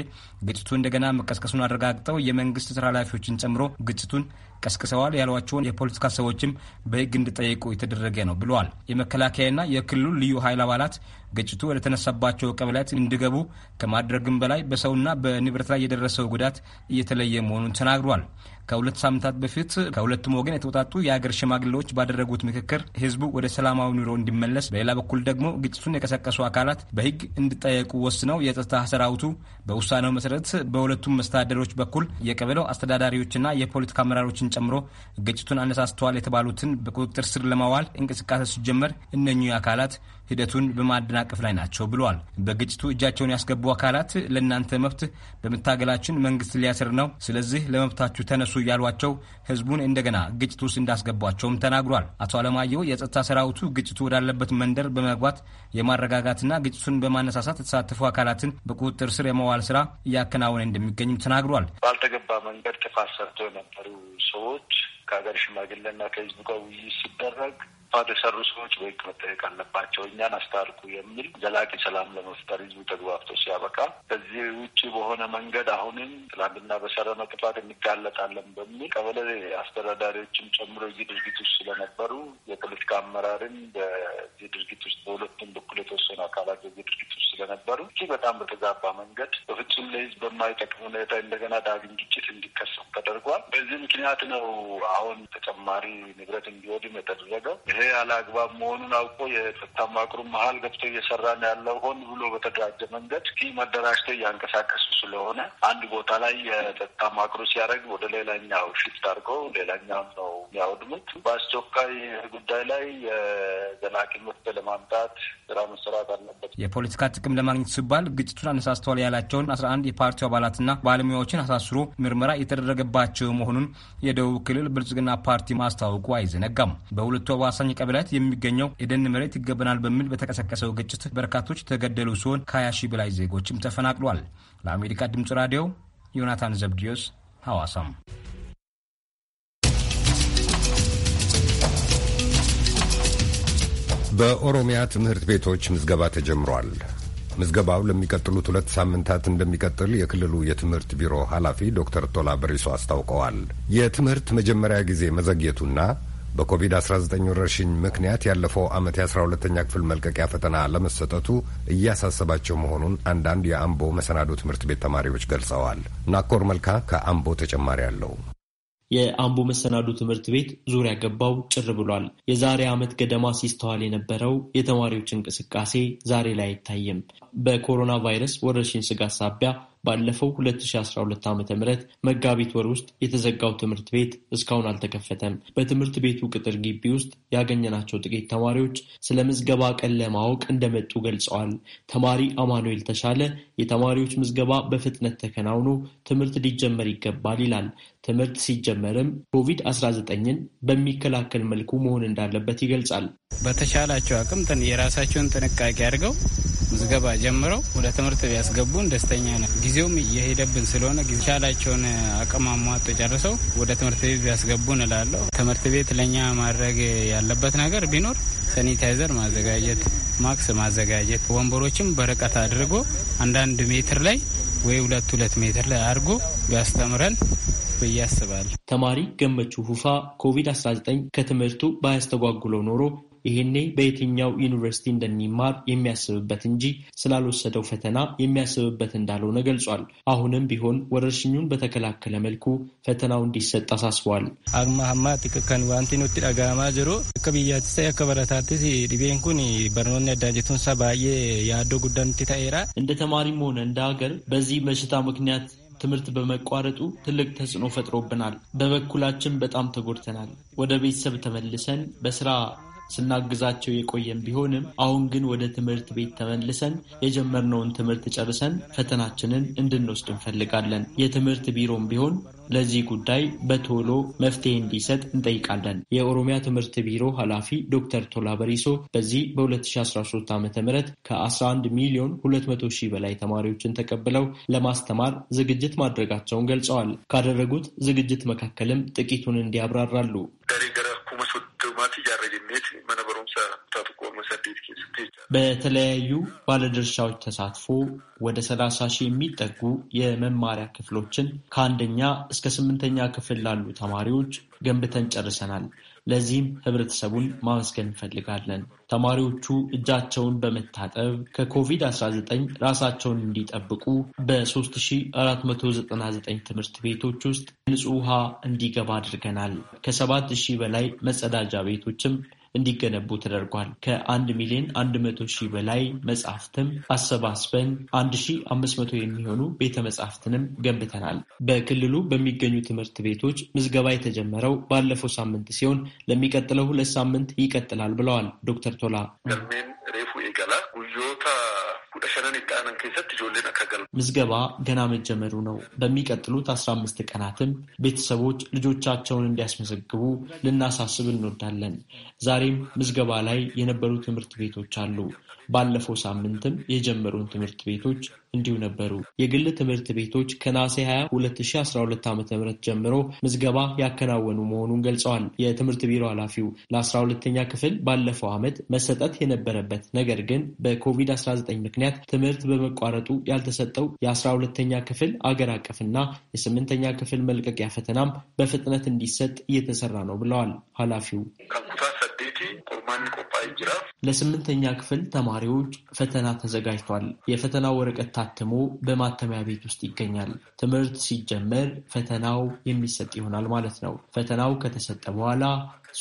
ግጭቱ እንደገና መቀስቀሱን አረጋግጠው የመንግስት ስራ ኃላፊዎችን ጨምሮ ግጭቱን ቀስቅሰዋል ያሏቸውን የፖለቲካ ሰዎችም በህግ እንዲጠየቁ የተደረገ ነው ብለዋል። የመከላከያና የክልሉ ልዩ ኃይል አባላት ግጭቱ ወደ ተነሳባቸው ቀበሌያት እንዲገቡ ከማድረግም በላይ በሰውና በንብረት ላይ የደረሰው ጉዳት እየተለየ መሆኑን ተናግሯል። ከሁለት ሳምንታት በፊት ከሁለቱም ወገን የተውጣጡ የአገር ሽማግሌዎች ባደረጉት ምክክር ህዝቡ ወደ ሰላማዊ ኑሮ እንዲመለስ፣ በሌላ በኩል ደግሞ ግጭቱን የቀሰቀሱ አካላት በህግ እንዲጠየቁ ወስነው የጸጥታ ሰራዊቱ በውሳኔው መሰረት መሰረት በሁለቱም መስተዳደሮች በኩል የቀበሌው አስተዳዳሪዎችና የፖለቲካ አመራሮችን ጨምሮ ግጭቱን አነሳስተዋል የተባሉትን በቁጥጥር ስር ለማዋል እንቅስቃሴ ሲጀመር እነኚህ አካላት ሂደቱን በማደናቀፍ ላይ ናቸው ብለዋል። በግጭቱ እጃቸውን ያስገቡ አካላት ለእናንተ መብት በመታገላችን መንግስት ሊያስር ነው፣ ስለዚህ ለመብታችሁ ተነሱ እያሏቸው ህዝቡን እንደገና ግጭት ውስጥ እንዳስገቧቸውም ተናግሯል። አቶ አለማየሁ የጸጥታ ሰራዊቱ ግጭቱ ወዳለበት መንደር በመግባት የማረጋጋትና ግጭቱን በማነሳሳት የተሳተፉ አካላትን በቁጥጥር ስር የመዋል ስራ እያከናወነ እንደሚገኝም ተናግሯል። ባልተገባ መንገድ ጥፋት የነበሩ ሰዎች ከሀገር ሽማግሌና ከህዝቡ ጋር ውይይት ሲደረግ ጥፋት የሰሩ ሰዎች በህግ መጠየቅ አለባቸው፣ እኛን አስታርቁ የሚል ዘላቂ ሰላም ለመፍጠር ህዝቡ ተግባብቶ ሲያበቃ ከዚህ ውጭ በሆነ መንገድ አሁንም ትላንትና በሰራነው ጥፋት እንጋለጣለን በሚል ቀበሌ አስተዳዳሪዎችም ጨምሮ እዚህ ድርጊት ውስጥ ስለነበሩ የፖለቲካ አመራርን በዚህ ድርጊት ውስጥ በሁለቱም በኩል የተወሰኑ አካላት በዚህ ድርጊት ውስጥ ስለነበሩ እ በጣም በተዛባ መንገድ በፍጹም ለህዝብ በማይጠቅም ሁኔታ እንደገና ዳግም ግጭት እንዲከሰት ተደርጓል። በዚህ ምክንያት ነው አሁን ተጨማሪ ንብረት እንዲወድም የተደረገው። ይሄ አላግባብ መሆኑን አውቆ የጸጥታ መዋቅሩን መሀል ገብቶ እየሰራ ነው ያለው። ሆን ብሎ በተደራጀ መንገድ ኪ መደራጅቶ እያንቀሳቀሱ ስለሆነ አንድ ቦታ ላይ የጸጥታ መዋቅሩ ሲያደርግ ወደ ሌላኛው ሽፍት አድርገው ሌላኛው ነው የሚያወድሙት። በአስቸኳይ ጉዳይ ላይ የዘላቂ መፍትሄ ለማምጣት ስራ መሰራት አለበት። የፖለቲካ ጥቅም ለማግኘት ሲባል ግጭቱን አነሳስተዋል ያላቸውን አስራ አንድ የፓርቲው አባላትና ባለሙያዎችን አሳስሮ ምርመራ የተደረገባቸው መሆኑን የደቡብ ክልል ብልጽግና ፓርቲ ማስታወቁ አይዘነጋም። በሁለቱ አዋሳኝ ቀበሌያት የሚገኘው የደን መሬት ይገባናል በሚል በተቀሰቀሰው ግጭት በርካቶች የተገደሉ ሲሆን ከ20 ሺህ በላይ ዜጎችም ተፈናቅሏል። ለአሜሪካ ድምፅ ራዲዮ ዮናታን ዘብዲዮስ ሐዋሳም በኦሮሚያ ትምህርት ቤቶች ምዝገባ ተጀምሯል። ምዝገባው ለሚቀጥሉት ሁለት ሳምንታት እንደሚቀጥል የክልሉ የትምህርት ቢሮ ኃላፊ ዶክተር ቶላ በሪሶ አስታውቀዋል። የትምህርት መጀመሪያ ጊዜ መዘግየቱና በኮቪድ-19 ወረርሽኝ ምክንያት ያለፈው ዓመት የ12ተኛ ክፍል መልቀቂያ ፈተና ለመሰጠቱ እያሳሰባቸው መሆኑን አንዳንድ የአምቦ መሰናዶ ትምህርት ቤት ተማሪዎች ገልጸዋል። ናኮር መልካ ከአምቦ ተጨማሪ አለው። የአምቦ መሰናዶ ትምህርት ቤት ዙሪያ ገባው ጭር ብሏል። የዛሬ ዓመት ገደማ ሲስተዋል የነበረው የተማሪዎች እንቅስቃሴ ዛሬ ላይ አይታይም። በኮሮና ቫይረስ ወረርሽኝ ስጋት ሳቢያ ባለፈው 2012 ዓ ም መጋቢት ወር ውስጥ የተዘጋው ትምህርት ቤት እስካሁን አልተከፈተም። በትምህርት ቤቱ ቅጥር ግቢ ውስጥ ያገኘናቸው ጥቂት ተማሪዎች ስለ ምዝገባ ቀን ለማወቅ እንደመጡ ገልጸዋል። ተማሪ አማኑኤል ተሻለ የተማሪዎች ምዝገባ በፍጥነት ተከናውኖ ትምህርት ሊጀመር ይገባል ይላል። ትምህርት ሲጀመርም ኮቪድ-19ን በሚከላከል መልኩ መሆን እንዳለበት ይገልጻል። በተሻላቸው አቅም የራሳቸውን ጥንቃቄ አድርገው ምዝገባ ጀምረው ወደ ትምህርት ቢያስገቡን ደስተኛ ነን። ጊዜውም እየሄደብን ስለሆነ ቻላቸውን አቅም አሟጦ ጨርሰው ወደ ትምህርት ቤት ቢያስገቡን እላለሁ። ትምህርት ቤት ለእኛ ማድረግ ያለበት ነገር ቢኖር ሰኒታይዘር ማዘጋጀት፣ ማክስ ማዘጋጀት፣ ወንበሮችም በርቀት አድርጎ አንዳንድ ሜትር ላይ ወይ ሁለት ሁለት ሜትር ላይ አድርጎ ቢያስተምረን ብዬ አስባለሁ። ተማሪ ገመቹ ሁፋ ኮቪድ-19 ከትምህርቱ ባያስተጓጉለው ኖሮ ይህኔ በየትኛው ዩኒቨርሲቲ እንደሚማር የሚያስብበት እንጂ ስላልወሰደው ፈተና የሚያስብበት እንዳልሆነ ገልጿል። አሁንም ቢሆን ወረርሽኙን በተከላከለ መልኩ ፈተናው እንዲሰጥ አሳስቧል። አማሀማ ዋንቲ ዳጋማ ዲቤን ኩን ጉዳንቲ እንደ ተማሪም ሆነ እንደ ሀገር በዚህ በሽታ ምክንያት ትምህርት በመቋረጡ ትልቅ ተጽዕኖ ፈጥሮብናል። በበኩላችን በጣም ተጎድተናል። ወደ ቤተሰብ ተመልሰን በስራ ስናግዛቸው የቆየን ቢሆንም አሁን ግን ወደ ትምህርት ቤት ተመልሰን የጀመርነውን ትምህርት ጨርሰን ፈተናችንን እንድንወስድ እንፈልጋለን። የትምህርት ቢሮም ቢሆን ለዚህ ጉዳይ በቶሎ መፍትሄ እንዲሰጥ እንጠይቃለን። የኦሮሚያ ትምህርት ቢሮ ኃላፊ ዶክተር ቶላ በሪሶ በዚህ በ2013 ዓ ም ከ11 ሚሊዮን 200 ሺህ በላይ ተማሪዎችን ተቀብለው ለማስተማር ዝግጅት ማድረጋቸውን ገልጸዋል። ካደረጉት ዝግጅት መካከልም ጥቂቱን እንዲያብራራሉ። በተለያዩ ባለድርሻዎች ተሳትፎ ወደ ሰላሳ ሺህ የሚጠጉ የመማሪያ ክፍሎችን ከአንደኛ እስከ ስምንተኛ ክፍል ላሉ ተማሪዎች ገንብተን ጨርሰናል። ለዚህም ህብረተሰቡን ማመስገን እንፈልጋለን። ተማሪዎቹ እጃቸውን በመታጠብ ከኮቪድ-19 ራሳቸውን እንዲጠብቁ በ3499 ትምህርት ቤቶች ውስጥ ንጹህ ውሃ እንዲገባ አድርገናል። ከ ከ7000 በላይ መጸዳጃ ቤቶችም እንዲገነቡ ተደርጓል። ከአንድ ሚሊዮን አንድ መቶ ሺህ በላይ መጽሐፍትም አሰባስበን አንድ ሺህ አምስት መቶ የሚሆኑ ቤተ መጽሐፍትንም ገንብተናል። በክልሉ በሚገኙ ትምህርት ቤቶች ምዝገባ የተጀመረው ባለፈው ሳምንት ሲሆን ለሚቀጥለው ሁለት ሳምንት ይቀጥላል ብለዋል ዶክተር ቶላ። ምዝገባ ገና መጀመሩ ነው። በሚቀጥሉት አስራ አምስት ቀናትም ቤተሰቦች ልጆቻቸውን እንዲያስመዘግቡ ልናሳስብ እንወዳለን። ዛሬም ምዝገባ ላይ የነበሩ ትምህርት ቤቶች አሉ። ባለፈው ሳምንትም የጀመሩን ትምህርት ቤቶች እንዲሁ ነበሩ። የግል ትምህርት ቤቶች ከነሐሴ 20 2012 ዓ ም ጀምሮ ምዝገባ ያከናወኑ መሆኑን ገልጸዋል። የትምህርት ቢሮ ኃላፊው ለ12ተኛ ክፍል ባለፈው ዓመት መሰጠት የነበረበት ነገር ግን በኮቪድ-19 ምክንያት ትምህርት በመቋረጡ ያልተሰጠው የ12ተኛ ክፍል አገር አቀፍና የስምንተኛ ክፍል መልቀቂያ ፈተናም በፍጥነት እንዲሰጥ እየተሰራ ነው ብለዋል ኃላፊው። ለስምንተኛ ክፍል ተማሪ ተማሪዎች ፈተና ተዘጋጅቷል። የፈተናው ወረቀት ታትሞ በማተሚያ ቤት ውስጥ ይገኛል። ትምህርት ሲጀመር ፈተናው የሚሰጥ ይሆናል ማለት ነው። ፈተናው ከተሰጠ በኋላ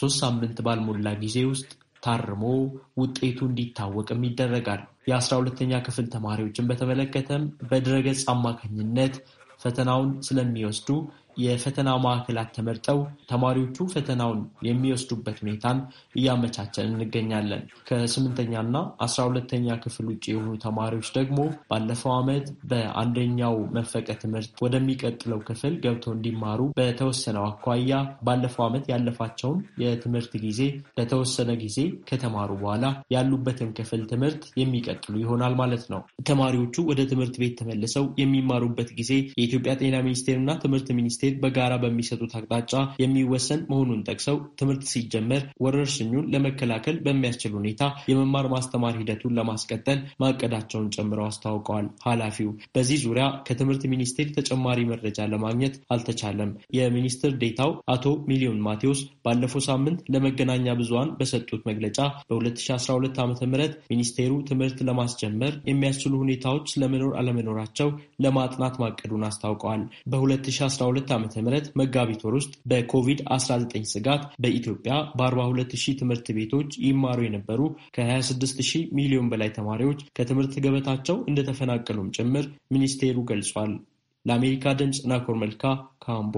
ሶስት ሳምንት ባልሞላ ጊዜ ውስጥ ታርሞ ውጤቱ እንዲታወቅም ይደረጋል። የአስራ ሁለተኛ ክፍል ተማሪዎችን በተመለከተም በድረገጽ አማካኝነት ፈተናውን ስለሚወስዱ የፈተናው ማዕከላት ተመርጠው ተማሪዎቹ ፈተናውን የሚወስዱበት ሁኔታን እያመቻቸን እንገኛለን። ከስምንተኛና አስራ ሁለተኛ ክፍል ውጭ የሆኑ ተማሪዎች ደግሞ ባለፈው ዓመት በአንደኛው መፈቀ ትምህርት ወደሚቀጥለው ክፍል ገብተው እንዲማሩ በተወሰነው አኳያ ባለፈው ዓመት ያለፋቸውን የትምህርት ጊዜ ለተወሰነ ጊዜ ከተማሩ በኋላ ያሉበትን ክፍል ትምህርት የሚቀጥሉ ይሆናል ማለት ነው። ተማሪዎቹ ወደ ትምህርት ቤት ተመልሰው የሚማሩበት ጊዜ የኢትዮጵያ ጤና ሚኒስቴርና ትምህርት ሚኒስ ስቴት በጋራ በሚሰጡት አቅጣጫ የሚወሰን መሆኑን ጠቅሰው ትምህርት ሲጀመር ወረርሽኙን ለመከላከል በሚያስችል ሁኔታ የመማር ማስተማር ሂደቱን ለማስቀጠል ማቀዳቸውን ጨምረው አስታውቀዋል። ኃላፊው በዚህ ዙሪያ ከትምህርት ሚኒስቴር ተጨማሪ መረጃ ለማግኘት አልተቻለም። የሚኒስትር ዴታው አቶ ሚሊዮን ማቴዎስ ባለፈው ሳምንት ለመገናኛ ብዙሃን በሰጡት መግለጫ በ2012 ዓ ም ሚኒስቴሩ ትምህርት ለማስጀመር የሚያስችሉ ሁኔታዎች ስለመኖር አለመኖራቸው ለማጥናት ማቀዱን አስታውቀዋል። በ2012 ዓ ም መጋቢት ወር ውስጥ በኮቪድ-19 ስጋት በኢትዮጵያ በ42 ሺህ ትምህርት ቤቶች ይማሩ የነበሩ ከ26 ሺህ ሚሊዮን በላይ ተማሪዎች ከትምህርት ገበታቸው እንደተፈናቀሉም ጭምር ሚኒስቴሩ ገልጿል። ለአሜሪካ ድምፅ ናኮር መልካ ካምቦ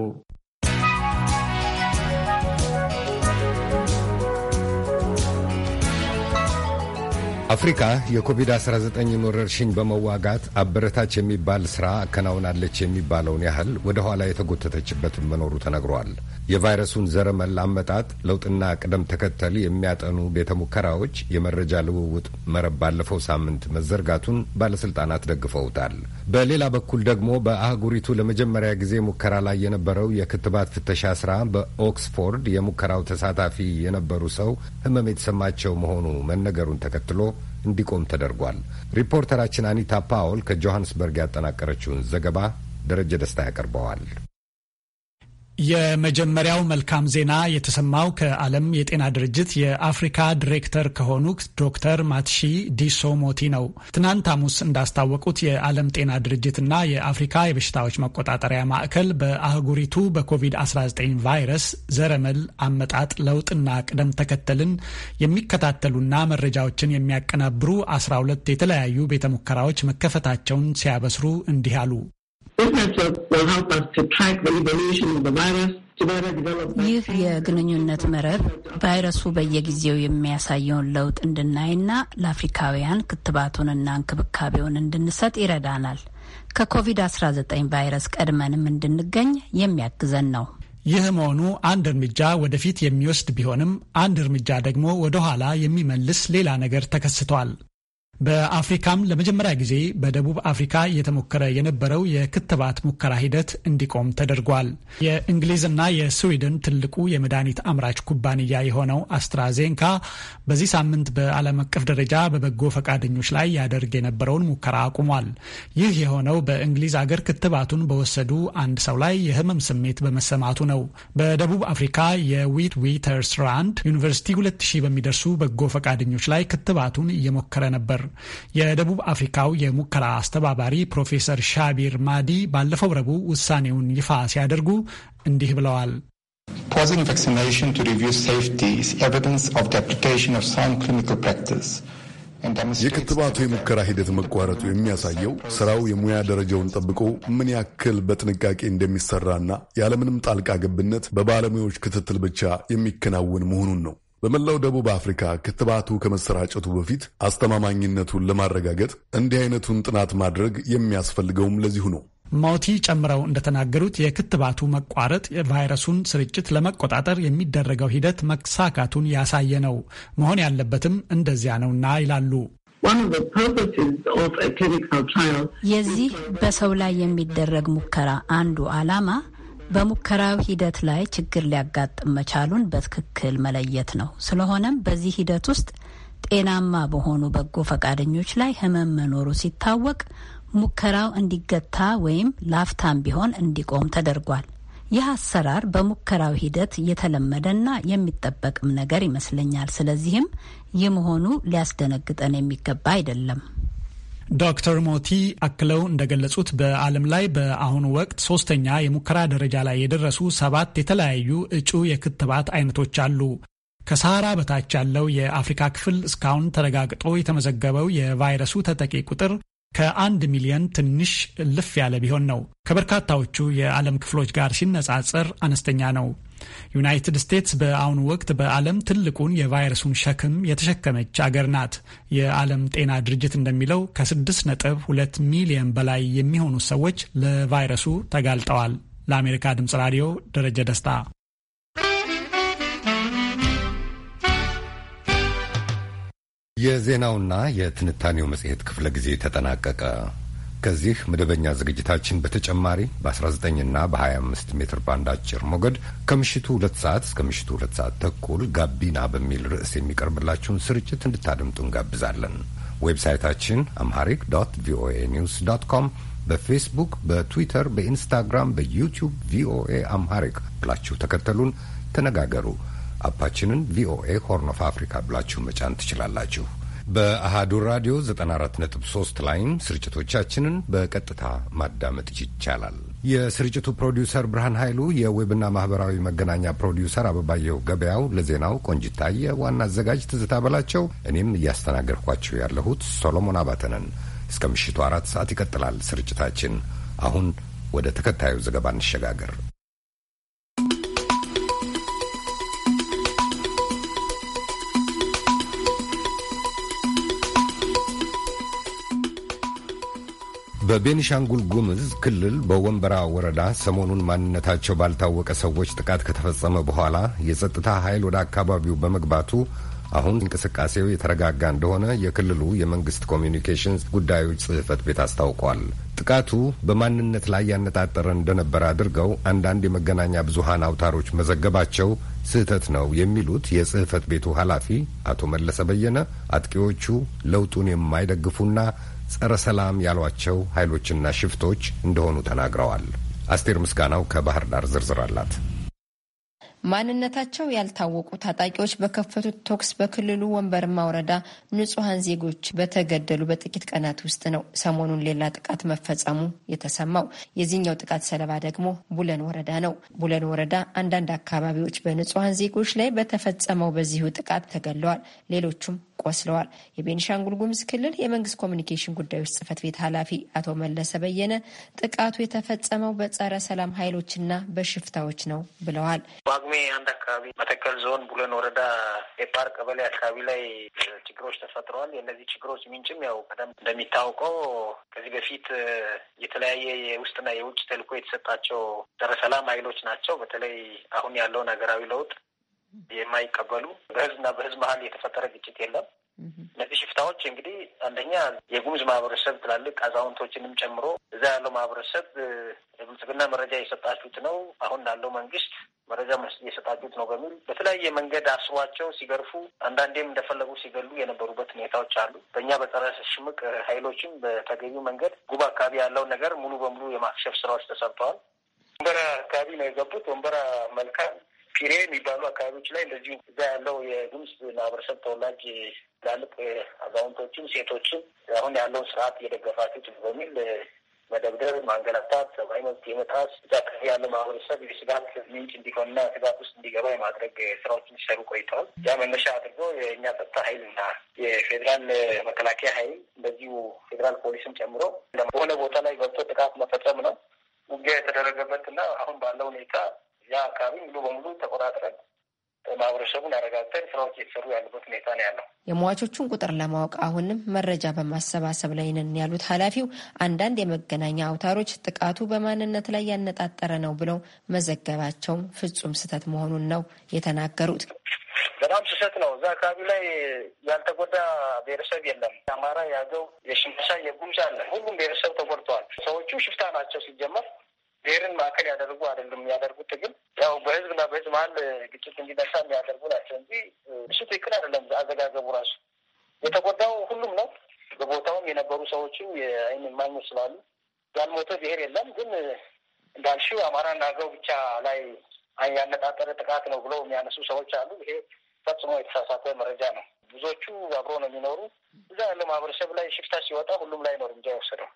አፍሪካ የኮቪድ-19ን ወረርሽኝ በመዋጋት አበረታች የሚባል ሥራ አከናውናለች የሚባለውን ያህል ወደ ኋላ የተጎተተችበት መኖሩ ተነግሯል። የቫይረሱን ዘረመል አመጣጥ ለውጥና ቅደም ተከተል የሚያጠኑ ቤተ ሙከራዎች የመረጃ ልውውጥ መረብ ባለፈው ሳምንት መዘርጋቱን ባለስልጣናት ደግፈውታል። በሌላ በኩል ደግሞ በአህጉሪቱ ለመጀመሪያ ጊዜ ሙከራ ላይ የነበረው የክትባት ፍተሻ ስራ በኦክስፎርድ የሙከራው ተሳታፊ የነበሩ ሰው ህመም የተሰማቸው መሆኑ መነገሩን ተከትሎ እንዲቆም ተደርጓል። ሪፖርተራችን አኒታ ፓውል ከጆሃንስበርግ ያጠናቀረችውን ዘገባ ደረጀ ደስታ ያቀርበዋል። የመጀመሪያው መልካም ዜና የተሰማው ከዓለም የጤና ድርጅት የአፍሪካ ዲሬክተር ከሆኑት ዶክተር ማትሺ ዲሶሞቲ ነው። ትናንት ሐሙስ እንዳስታወቁት የዓለም ጤና ድርጅትና የአፍሪካ የበሽታዎች መቆጣጠሪያ ማዕከል በአህጉሪቱ በኮቪድ-19 ቫይረስ ዘረመል አመጣጥ ለውጥና ቅደም ተከተልን የሚከታተሉና መረጃዎችን የሚያቀናብሩ 12 የተለያዩ ቤተ ሙከራዎች መከፈታቸውን ሲያበስሩ እንዲህ አሉ። will help us to track the evolution of the virus. ይህ የግንኙነት መረብ ቫይረሱ በየጊዜው የሚያሳየውን ለውጥ እንድናይና ለአፍሪካውያን ክትባቱንና እንክብካቤውን እንድንሰጥ ይረዳናል። ከኮቪድ-19 ቫይረስ ቀድመንም እንድንገኝ የሚያግዘን ነው። ይህ መሆኑ አንድ እርምጃ ወደፊት የሚወስድ ቢሆንም አንድ እርምጃ ደግሞ ወደኋላ የሚመልስ ሌላ ነገር ተከስቷል። በአፍሪካም ለመጀመሪያ ጊዜ በደቡብ አፍሪካ እየተሞከረ የነበረው የክትባት ሙከራ ሂደት እንዲቆም ተደርጓል። የእንግሊዝና የስዊድን ትልቁ የመድኃኒት አምራች ኩባንያ የሆነው አስትራዜንካ በዚህ ሳምንት በዓለም አቀፍ ደረጃ በበጎ ፈቃደኞች ላይ ያደርግ የነበረውን ሙከራ አቁሟል። ይህ የሆነው በእንግሊዝ አገር ክትባቱን በወሰዱ አንድ ሰው ላይ የህመም ስሜት በመሰማቱ ነው። በደቡብ አፍሪካ የዊት ዊተርስራንድ ዩኒቨርሲቲ ሁለት በሚደርሱ በጎ ፈቃደኞች ላይ ክትባቱን እየሞከረ ነበር። የደቡብ አፍሪካው የሙከራ አስተባባሪ ፕሮፌሰር ሻቢር ማዲ ባለፈው ረቡዕ ውሳኔውን ይፋ ሲያደርጉ እንዲህ ብለዋል። የክትባቱ የሙከራ ሂደት መቋረጡ የሚያሳየው ስራው የሙያ ደረጃውን ጠብቆ ምን ያክል በጥንቃቄ እንደሚሰራና ያለምንም ጣልቃ ገብነት በባለሙያዎች ክትትል ብቻ የሚከናወን መሆኑን ነው። በመላው ደቡብ አፍሪካ ክትባቱ ከመሰራጨቱ በፊት አስተማማኝነቱን ለማረጋገጥ እንዲህ አይነቱን ጥናት ማድረግ የሚያስፈልገውም ለዚሁ ነው። ማውቲ ጨምረው እንደተናገሩት የክትባቱ መቋረጥ የቫይረሱን ስርጭት ለመቆጣጠር የሚደረገው ሂደት መሳካቱን ያሳየ ነው። መሆን ያለበትም እንደዚያ ነውና ይላሉ። የዚህ በሰው ላይ የሚደረግ ሙከራ አንዱ ዓላማ በሙከራው ሂደት ላይ ችግር ሊያጋጥም መቻሉን በትክክል መለየት ነው። ስለሆነም በዚህ ሂደት ውስጥ ጤናማ በሆኑ በጎ ፈቃደኞች ላይ ህመም መኖሩ ሲታወቅ ሙከራው እንዲገታ ወይም ላፍታም ቢሆን እንዲቆም ተደርጓል። ይህ አሰራር በሙከራው ሂደት የተለመደና የሚጠበቅም ነገር ይመስለኛል። ስለዚህም ይህ መሆኑ ሊያስደነግጠን የሚገባ አይደለም። ዶክተር ሞቲ አክለው እንደገለጹት በዓለም ላይ በአሁኑ ወቅት ሶስተኛ የሙከራ ደረጃ ላይ የደረሱ ሰባት የተለያዩ እጩ የክትባት አይነቶች አሉ። ከሰሃራ በታች ያለው የአፍሪካ ክፍል እስካሁን ተረጋግጦ የተመዘገበው የቫይረሱ ተጠቂ ቁጥር ከአንድ ሚሊዮን ትንሽ ልፍ ያለ ቢሆን ነው። ከበርካታዎቹ የዓለም ክፍሎች ጋር ሲነጻጸር አነስተኛ ነው። ዩናይትድ ስቴትስ በአሁኑ ወቅት በዓለም ትልቁን የቫይረሱን ሸክም የተሸከመች አገር ናት። የዓለም ጤና ድርጅት እንደሚለው ከ6 ነጥብ 2 ሚሊዮን በላይ የሚሆኑ ሰዎች ለቫይረሱ ተጋልጠዋል። ለአሜሪካ ድምጽ ራዲዮ ደረጀ ደስታ የዜናውና የትንታኔው መጽሔት ክፍለ ጊዜ ተጠናቀቀ። ከዚህ መደበኛ ዝግጅታችን በተጨማሪ በ19ና በ25 ሜትር ባንድ አጭር ሞገድ ከምሽቱ ሁለት ሰዓት እስከ ምሽቱ ሁለት ሰዓት ተኩል ጋቢና በሚል ርዕስ የሚቀርብላችሁን ስርጭት እንድታደምጡ እንጋብዛለን። ዌብሳይታችን አምሃሪክ ዶት ቪኦኤ ኒውስ ዶት ኮም፣ በፌስቡክ፣ በትዊተር፣ በኢንስታግራም፣ በዩቲዩብ ቪኦኤ አምሃሪክ ብላችሁ ተከተሉን፣ ተነጋገሩ። አፓችንን ቪኦኤ ሆርን ኦፍ አፍሪካ ብላችሁ መጫን ትችላላችሁ። በአሃዱ ራዲዮ 94.3 ላይም ስርጭቶቻችንን በቀጥታ ማዳመጥ ይቻላል። የስርጭቱ ፕሮዲውሰር ብርሃን ኃይሉ፣ የዌብና ማህበራዊ መገናኛ ፕሮዲውሰር አበባየው ገበያው፣ ለዜናው ቆንጅታየ፣ ዋና አዘጋጅ ትዝታ በላቸው፣ እኔም እያስተናገድኳችሁ ያለሁት ሶሎሞን አባተ ነን። እስከ ምሽቱ አራት ሰዓት ይቀጥላል ስርጭታችን። አሁን ወደ ተከታዩ ዘገባ እንሸጋገር። በቤኒሻንጉል ጉምዝ ክልል በወንበራ ወረዳ ሰሞኑን ማንነታቸው ባልታወቀ ሰዎች ጥቃት ከተፈጸመ በኋላ የጸጥታ ኃይል ወደ አካባቢው በመግባቱ አሁን እንቅስቃሴው የተረጋጋ እንደሆነ የክልሉ የመንግስት ኮሚዩኒኬሽንስ ጉዳዮች ጽሕፈት ቤት አስታውቋል። ጥቃቱ በማንነት ላይ ያነጣጠረ እንደነበረ አድርገው አንዳንድ የመገናኛ ብዙሃን አውታሮች መዘገባቸው ስህተት ነው የሚሉት የጽሕፈት ቤቱ ኃላፊ አቶ መለሰ በየነ አጥቂዎቹ ለውጡን የማይደግፉና ጸረ ሰላም ያሏቸው ኃይሎችና ሽፍቶች እንደሆኑ ተናግረዋል። አስቴር ምስጋናው ከባህር ዳር ዝርዝር አላት። ማንነታቸው ያልታወቁ ታጣቂዎች በከፈቱት ቶክስ በክልሉ ወንበርማ ወረዳ ንጹሐን ዜጎች በተገደሉ በጥቂት ቀናት ውስጥ ነው ሰሞኑን ሌላ ጥቃት መፈጸሙ የተሰማው። የዚህኛው ጥቃት ሰለባ ደግሞ ቡለን ወረዳ ነው። ቡለን ወረዳ አንዳንድ አካባቢዎች በንጹሐን ዜጎች ላይ በተፈጸመው በዚሁ ጥቃት ተገድለዋል፣ ሌሎቹም ቆስለዋል። የቤኒሻንጉል ጉምዝ ክልል የመንግስት ኮሚኒኬሽን ጉዳዮች ጽህፈት ቤት ኃላፊ አቶ መለሰ በየነ ጥቃቱ የተፈጸመው በጸረ ሰላም ኃይሎችና በሽፍታዎች ነው ብለዋል። ቅድሜ አንድ አካባቢ መተከል ዞን ቡለን ወረዳ ኤፓር ቀበሌ አካባቢ ላይ ችግሮች ተፈጥረዋል። የእነዚህ ችግሮች ምንጭም ያው ቀደም እንደሚታወቀው ከዚህ በፊት የተለያየ የውስጥና የውጭ ተልኮ የተሰጣቸው ጸረ ሰላም ኃይሎች ናቸው። በተለይ አሁን ያለውን ሀገራዊ ለውጥ የማይቀበሉ በህዝብና በህዝብ መሀል የተፈጠረ ግጭት የለም። እነዚህ ሽፍታዎች እንግዲህ አንደኛ የጉሙዝ ማህበረሰብ ትላልቅ አዛውንቶችንም ጨምሮ እዛ ያለው ማህበረሰብ የብልጽግና መረጃ የሰጣችሁት ነው፣ አሁን ላለው መንግስት መረጃ የሰጣችሁት ነው በሚል በተለያየ መንገድ አስሯቸው ሲገርፉ፣ አንዳንዴም እንደፈለጉ ሲገሉ የነበሩበት ሁኔታዎች አሉ። በእኛ በጸረ ሽምቅ ኃይሎችም በተገቢው መንገድ ጉባ አካባቢ ያለው ነገር ሙሉ በሙሉ የማክሸፍ ስራዎች ተሰርተዋል። ወንበራ አካባቢ ነው የገቡት። ወንበራ መልካም ፒሬ የሚባሉ አካባቢዎች ላይ እንደዚሁ እዛ ያለው የጉሙዝ ማህበረሰብ ተወላጅ ትላልቅ አዛውንቶችም ሴቶችም አሁን ያለውን ስርዓት እየደገፋችሁ በሚል መደብደብ፣ ማንገላታት፣ ሰብአዊ መብት የመጣስ እዛ አካባቢ ያለ ማህበረሰብ የስጋት ምንጭ እንዲሆንና ስጋት ውስጥ እንዲገባ የማድረግ ስራዎች ሲሰሩ ቆይተዋል። ያ መነሻ አድርጎ የእኛ ጸጥታ ኃይል እና የፌዴራል መከላከያ ኃይል እንደዚሁ ፌዴራል ፖሊስን ጨምሮ በሆነ ቦታ ላይ ገብቶ ጥቃት መፈጸም ነው ውጊያ የተደረገበት እና አሁን ባለው ሁኔታ ያ አካባቢ ሙሉ በሙሉ ተቆጣጥረን ማህበረሰቡን አረጋግጠን ስራዎች እየተሰሩ ያሉበት ሁኔታ ነው ያለው። የሟቾቹን ቁጥር ለማወቅ አሁንም መረጃ በማሰባሰብ ላይ ነን ያሉት ኃላፊው አንዳንድ የመገናኛ አውታሮች ጥቃቱ በማንነት ላይ ያነጣጠረ ነው ብለው መዘገባቸውም ፍጹም ስህተት መሆኑን ነው የተናገሩት። በጣም ስህተት ነው። እዛ አካባቢ ላይ ያልተጎዳ ብሔረሰብ የለም። የአማራ፣ የአገው፣ የሽምሳ፣ የጉምዝ አለ። ሁሉም ብሔረሰብ ተጎድተዋል። ሰዎቹ ሽፍታ ናቸው ሲጀመር ብሔርን ማዕከል ያደርጉ አይደሉም የሚያደርጉት ትግል ያው በህዝብና በህዝብ መሀል ግጭት እንዲነሳ የሚያደርጉ ናቸው እንጂ እሱ ትክክል አይደለም። አዘጋገቡ ራሱ የተጎዳው ሁሉም ነው። በቦታውም የነበሩ ሰዎችም የአይን እማኞች ስላሉ ያልሞተ ብሔር የለም። ግን እንዳልሽው አማራና አገው ብቻ ላይ ያነጣጠረ ጥቃት ነው ብለው የሚያነሱ ሰዎች አሉ። ይሄ ፈጽሞ የተሳሳተ መረጃ ነው። ብዙዎቹ አብሮ ነው የሚኖሩ እዛ ያለው ማህበረሰብ ላይ ሽፍታ ሲወጣ ሁሉም ላይ ነው እርምጃ የወሰደው።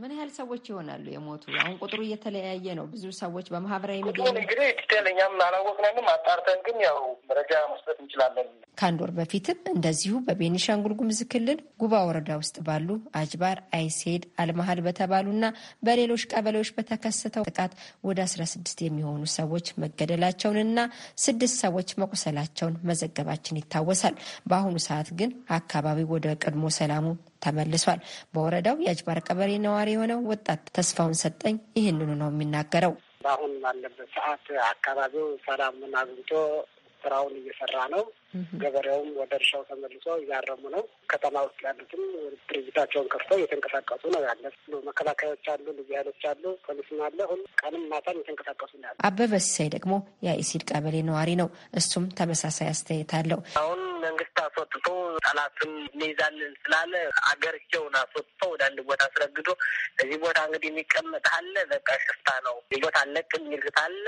ምን ያህል ሰዎች ይሆናሉ የሞቱ? አሁን ቁጥሩ እየተለያየ ነው። ብዙ ሰዎች በማህበራዊ ሚዲያ እንግዲህ ዲቴል እኛም አላወቅነንም። አጣርተን ግን ያው መረጃ መስጠት እንችላለን። ከአንድ ወር በፊትም እንደዚሁ በቤኒሻንጉል ጉምዝ ክልል ጉባ ወረዳ ውስጥ ባሉ አጅባር፣ አይሴድ፣ አልመሀል በተባሉና በሌሎች ቀበሌዎች በተከሰተው ጥቃት ወደ አስራ ስድስት የሚሆኑ ሰዎች መገደላቸውንና ስድስት ሰዎች መቁሰላቸውን መዘገባችን ይታወሳል። በአሁኑ ሰዓት ግን አካባቢው ወደ ቀድሞ ሰላሙ ተመልሷል። በወረዳው የአጅባር ቀበሌ ነዋሪ የሆነው ወጣት ተስፋውን ሰጠኝ ይህንኑ ነው የሚናገረው። በአሁን ባለበት ሰዓት አካባቢው ሰላሙን አግኝቶ ስራውን እየሰራ ነው። ገበሬውም ወደ እርሻው ተመልሶ እያረሙ ነው። ከተማ ውስጥ ያሉትም ድርጅታቸውን ከፍተው እየተንቀሳቀሱ ነው ያለ። መከላከያዎች አሉ፣ ልዩ ኃይሎች አሉ፣ ፖሊስም አለ። ሁሉ ቀንም ማታም እየተንቀሳቀሱ ነው ያለ። አበበ ሲሳይ ደግሞ የኢሲድ ቀበሌ ነዋሪ ነው። እሱም ተመሳሳይ አስተያየት አለው። አሁን መንግስት አስወጥቶ ጠላትን እንይዛለን ስላለ አገርቸውን አስወጥቶ ወደ አንድ ቦታ አስረግዶ እዚህ ቦታ እንግዲህ የሚቀመጥ አለ በቃ ሽፍታ ነው ቦታ አለቅ የሚልግት አለ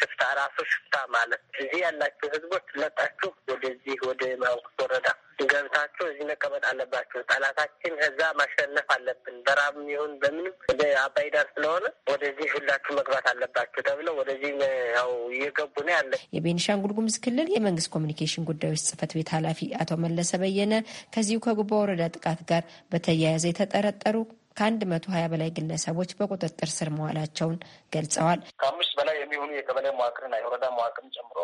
ሽፍታ ራሱ ሽፍታ ማለት እዚህ ያላችሁ ህዝቦች መጣችሁ ወደዚህ ወደ ማንቁስ ወረዳ ገብታችሁ እዚህ መቀመጥ አለባችሁ። ጠላታችን እዛ ማሸነፍ አለብን። በራብም ይሁን በምንም ወደ አባይ ዳር ስለሆነ ወደዚህ ሁላችሁ መግባት አለባችሁ ተብለው ወደዚህ ያው እየገቡ ነው ያለ የቤኒሻንጉል ጉሙዝ ክልል የመንግስት ኮሚኒኬሽን ጉዳዮች ጽህፈት ቤት ኃላፊ አቶ መለሰ በየነ ከዚሁ ከጉባ ወረዳ ጥቃት ጋር በተያያዘ የተጠረጠሩ ከ120 በላይ ግለሰቦች በቁጥጥር ስር መዋላቸውን ገልጸዋል። ከአምስት በላይ የሚሆኑ የቀበሌ መዋቅርና የወረዳ መዋቅርን ጨምሮ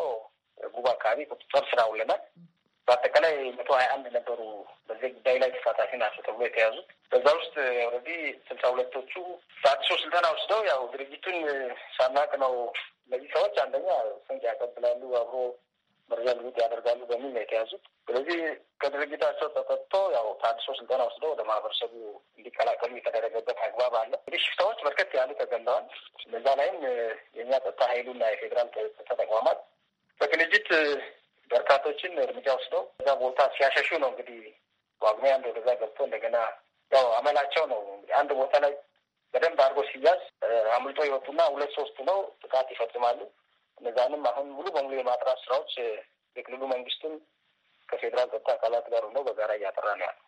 ጉባ አካባቢ ቁጥጥር ስር አውለናል። በአጠቃላይ መቶ ሀያ አንድ ነበሩ በዚህ ጉዳይ ላይ ተሳታፊ ናቸው ተብሎ የተያዙት በዛ ውስጥ ኦልሬዲ ስልሳ ሁለቶቹ በአዲሶ ስልጠና ወስደው ያው ድርጅቱን ሳናቅ ነው። እነዚህ ሰዎች አንደኛ ስንቅ ያቀብላሉ፣ አብሮ መረጃ ልውውጥ ያደርጋሉ በሚል ነው የተያዙት። ስለዚህ ከድርጅታቸው ተቆጥቶ ያው ታድሶ ስልጠና ወስደው ወደ ማህበረሰቡ እንዲቀላቀሉ የተደረገበት አግባብ አለ። እንግዲህ ሽፍታዎች በርከት ያሉ ተገለዋል። በዛ ላይም የእኛ ጸጥታ ኃይሉና የፌዴራል ጸጥታ ተቋማት በቅንጅት በርካቶችን እርምጃ ወስደው እዛ ቦታ ሲያሸሹ ነው እንግዲህ ዋግሜ አንድ ወደዛ ገብቶ እንደገና ያው አመላቸው ነው እንግዲህ አንድ ቦታ ላይ በደንብ አድርጎ ሲያዝ አምልጦ ይወጡና ሁለት ሶስት ነው ጥቃት ይፈጽማሉ። እነዛንም አሁን ሙሉ በሙሉ የማጥራት ስራዎች የክልሉ መንግስትም ከፌዴራል ጸጥታ አካላት ጋር ሆነው በጋራ እያጠራ ነው ያለው።